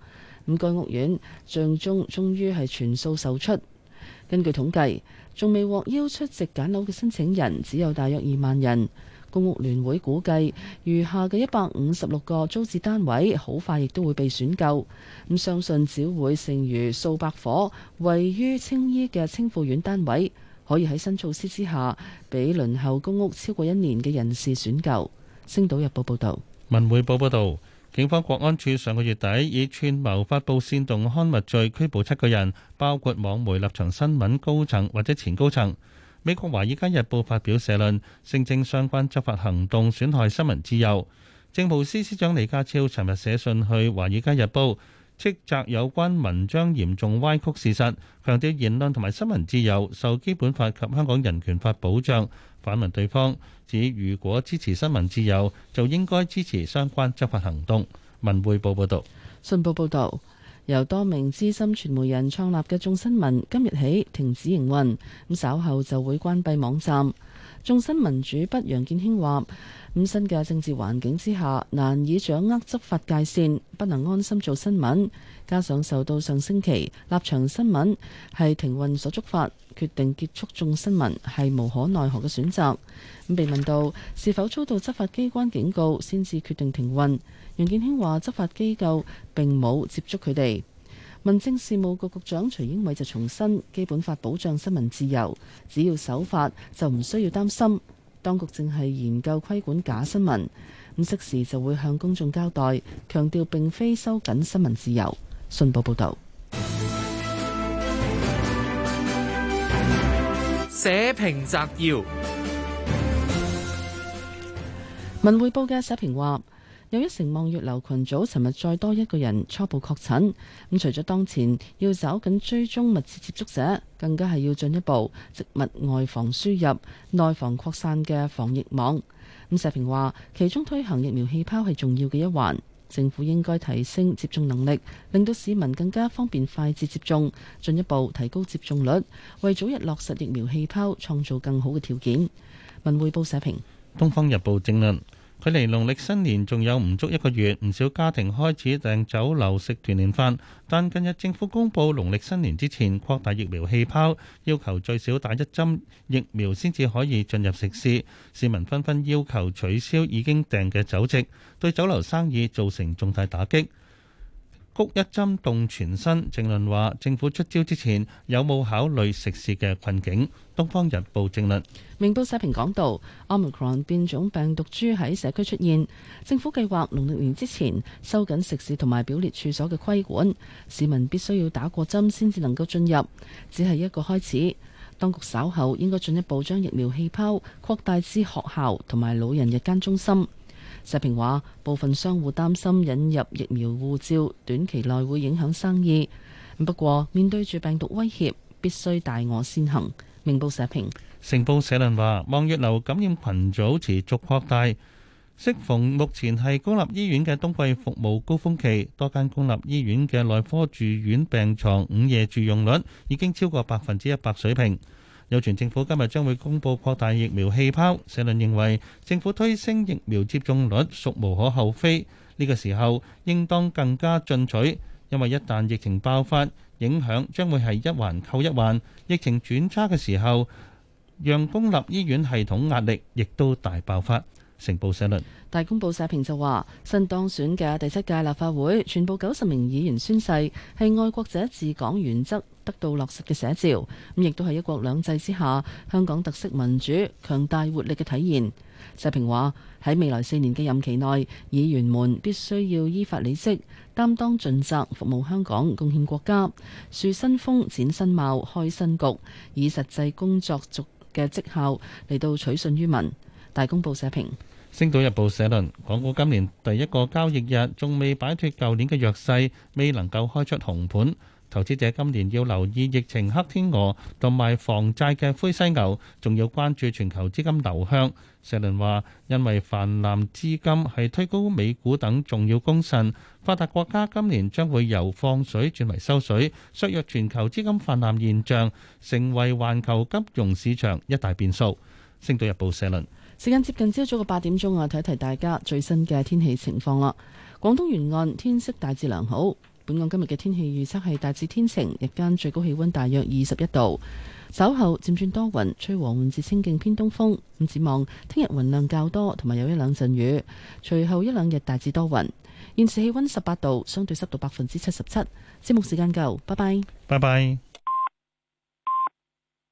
五個屋苑將終終於係全數售出。根據統計。仲未獲邀出席揀樓嘅申請人只有大約二萬人，公屋聯會估計餘下嘅一百五十六個租置單位好快亦都會被選購。咁相信只會剩餘數百伙位於青衣嘅青富苑單位，可以喺新措施之下，俾輪候公屋超過一年嘅人士選購。星島日報報道。
文匯報報導。警方國安處上個月底以串謀發佈煽動刊物罪拘捕七個人，包括網媒立場新聞高層或者前高層。美國《華爾街日報》發表社論，聲稱相關執法行動損害新聞自由。政務司司長李家超尋日寫信去《華爾街日報》，斥責有關文章嚴重歪曲事實，強調言論同埋新聞自由受基本法及香港人權法保障。反問對方，指如果支持新聞自由，就應該支持相關執法行動。文匯報報道，
信報報道，由多名資深傳媒人創立嘅眾新聞今日起停止營運，咁稍後就會關閉網站。眾新聞主筆楊建興話：咁新嘅政治環境之下，難以掌握執法界線，不能安心做新聞。加上受到上星期立場新聞係停運所觸發，決定結束眾新聞係無可奈何嘅選擇。被問到是否遭到執法機關警告先至決定停運，楊建興話執法機構並冇接觸佢哋。民政事務局局長徐英偉就重申，《基本法》保障新聞自由，只要守法就唔需要擔心。當局正係研究規管假新聞，咁適時就會向公眾交代，強調並非收緊新聞自由。信報報道，社評摘要：文匯報嘅社評話，有一城望月流群組尋日再多一個人初步確診，咁除咗當前要抓緊追蹤密切接觸者，更加係要進一步織密外防輸入、內防擴散嘅防疫網。咁社評話，其中推行疫苗氣泡係重要嘅一環。政府應該提升接種能力，令到市民更加方便快捷接種，進一步提高接種率，為早日落實疫苗氣泡創造更好嘅條件。文匯報社評，
《東方日報正論》政論。距離農曆新年仲有唔足一個月，唔少家庭開始訂酒樓食團年飯，但近日政府公布農曆新年之前擴大疫苗氣泡，要求最少打一針疫苗先至可以進入食肆，市民紛紛要求取消已經訂嘅酒席，對酒樓生意造成重大打擊。谷一針動全身，政論話政府出招之前有冇考慮食肆嘅困境？《東方日報》政論，
明報社評講到，Omicron 變種病毒株喺社區出現，政府計劃農曆年之前收緊食肆同埋表列處所嘅規管，市民必須要打過針先至能夠進入，只係一個開始。當局稍後應該進一步將疫苗氣泡擴大至學校同埋老人日間中心。社評話，部分商戶擔心引入疫苗護照，短期內會影響生意。不過，面對住病毒威脅，必須大我先行。明報社評，
成報社論話，望月樓感染群組持續擴大，適逢目前係公立醫院嘅冬季服務高峰期，多間公立醫院嘅內科住院病床午夜住用率已經超過百分之一百水平。有傳政府今日將會公布擴大疫苗氣泡，社論認為政府推升疫苗接種率屬無可厚非，呢個時候應當更加進取，因為一旦疫情爆發，影響將會係一環扣一環。疫情轉差嘅時候，讓公立醫院系統壓力亦都大爆發。成報社論
大公報社評就話，新當選嘅第七屆立法會全部九十名議員宣誓係愛國者治港原則得到落實嘅寫照，咁亦都係一國兩制之下香港特色民主強大活力嘅體現。社評話喺未來四年嘅任期內，議員們必須要依法履職，擔當盡責，服務香港，貢獻國家，樹新風，展新貌，開新局，以實際工作做嘅績效嚟到取信於民。大公報社評，
星島日報社論，港股今年第一個交易日仲未擺脫舊年嘅弱勢，未能夠開出紅盤。投資者今年要留意疫情黑天鵝同埋房債嘅灰犀牛，仲要關注全球資金流向。社論話：因為氾濫資金係推高美股等重要功臣，發達國家今年將會由放水轉為收水，削弱全球資金氾濫現象，成為環球金融市場一大變數。星島日報社論。
時間接近朝早嘅八點鐘啊，提一提大家最新嘅天氣情況啦。廣東沿岸天色大致良好。本港今日嘅天氣預測係大致天晴，日間最高氣溫大約二十一度，稍後漸轉多雲，吹和緩至清勁偏東風。咁展望聽日雲量較多，同埋有一兩陣雨，隨後一兩日大致多雲。現時氣溫十八度，相對濕度百分之七十七。節目時間夠，拜拜，拜拜。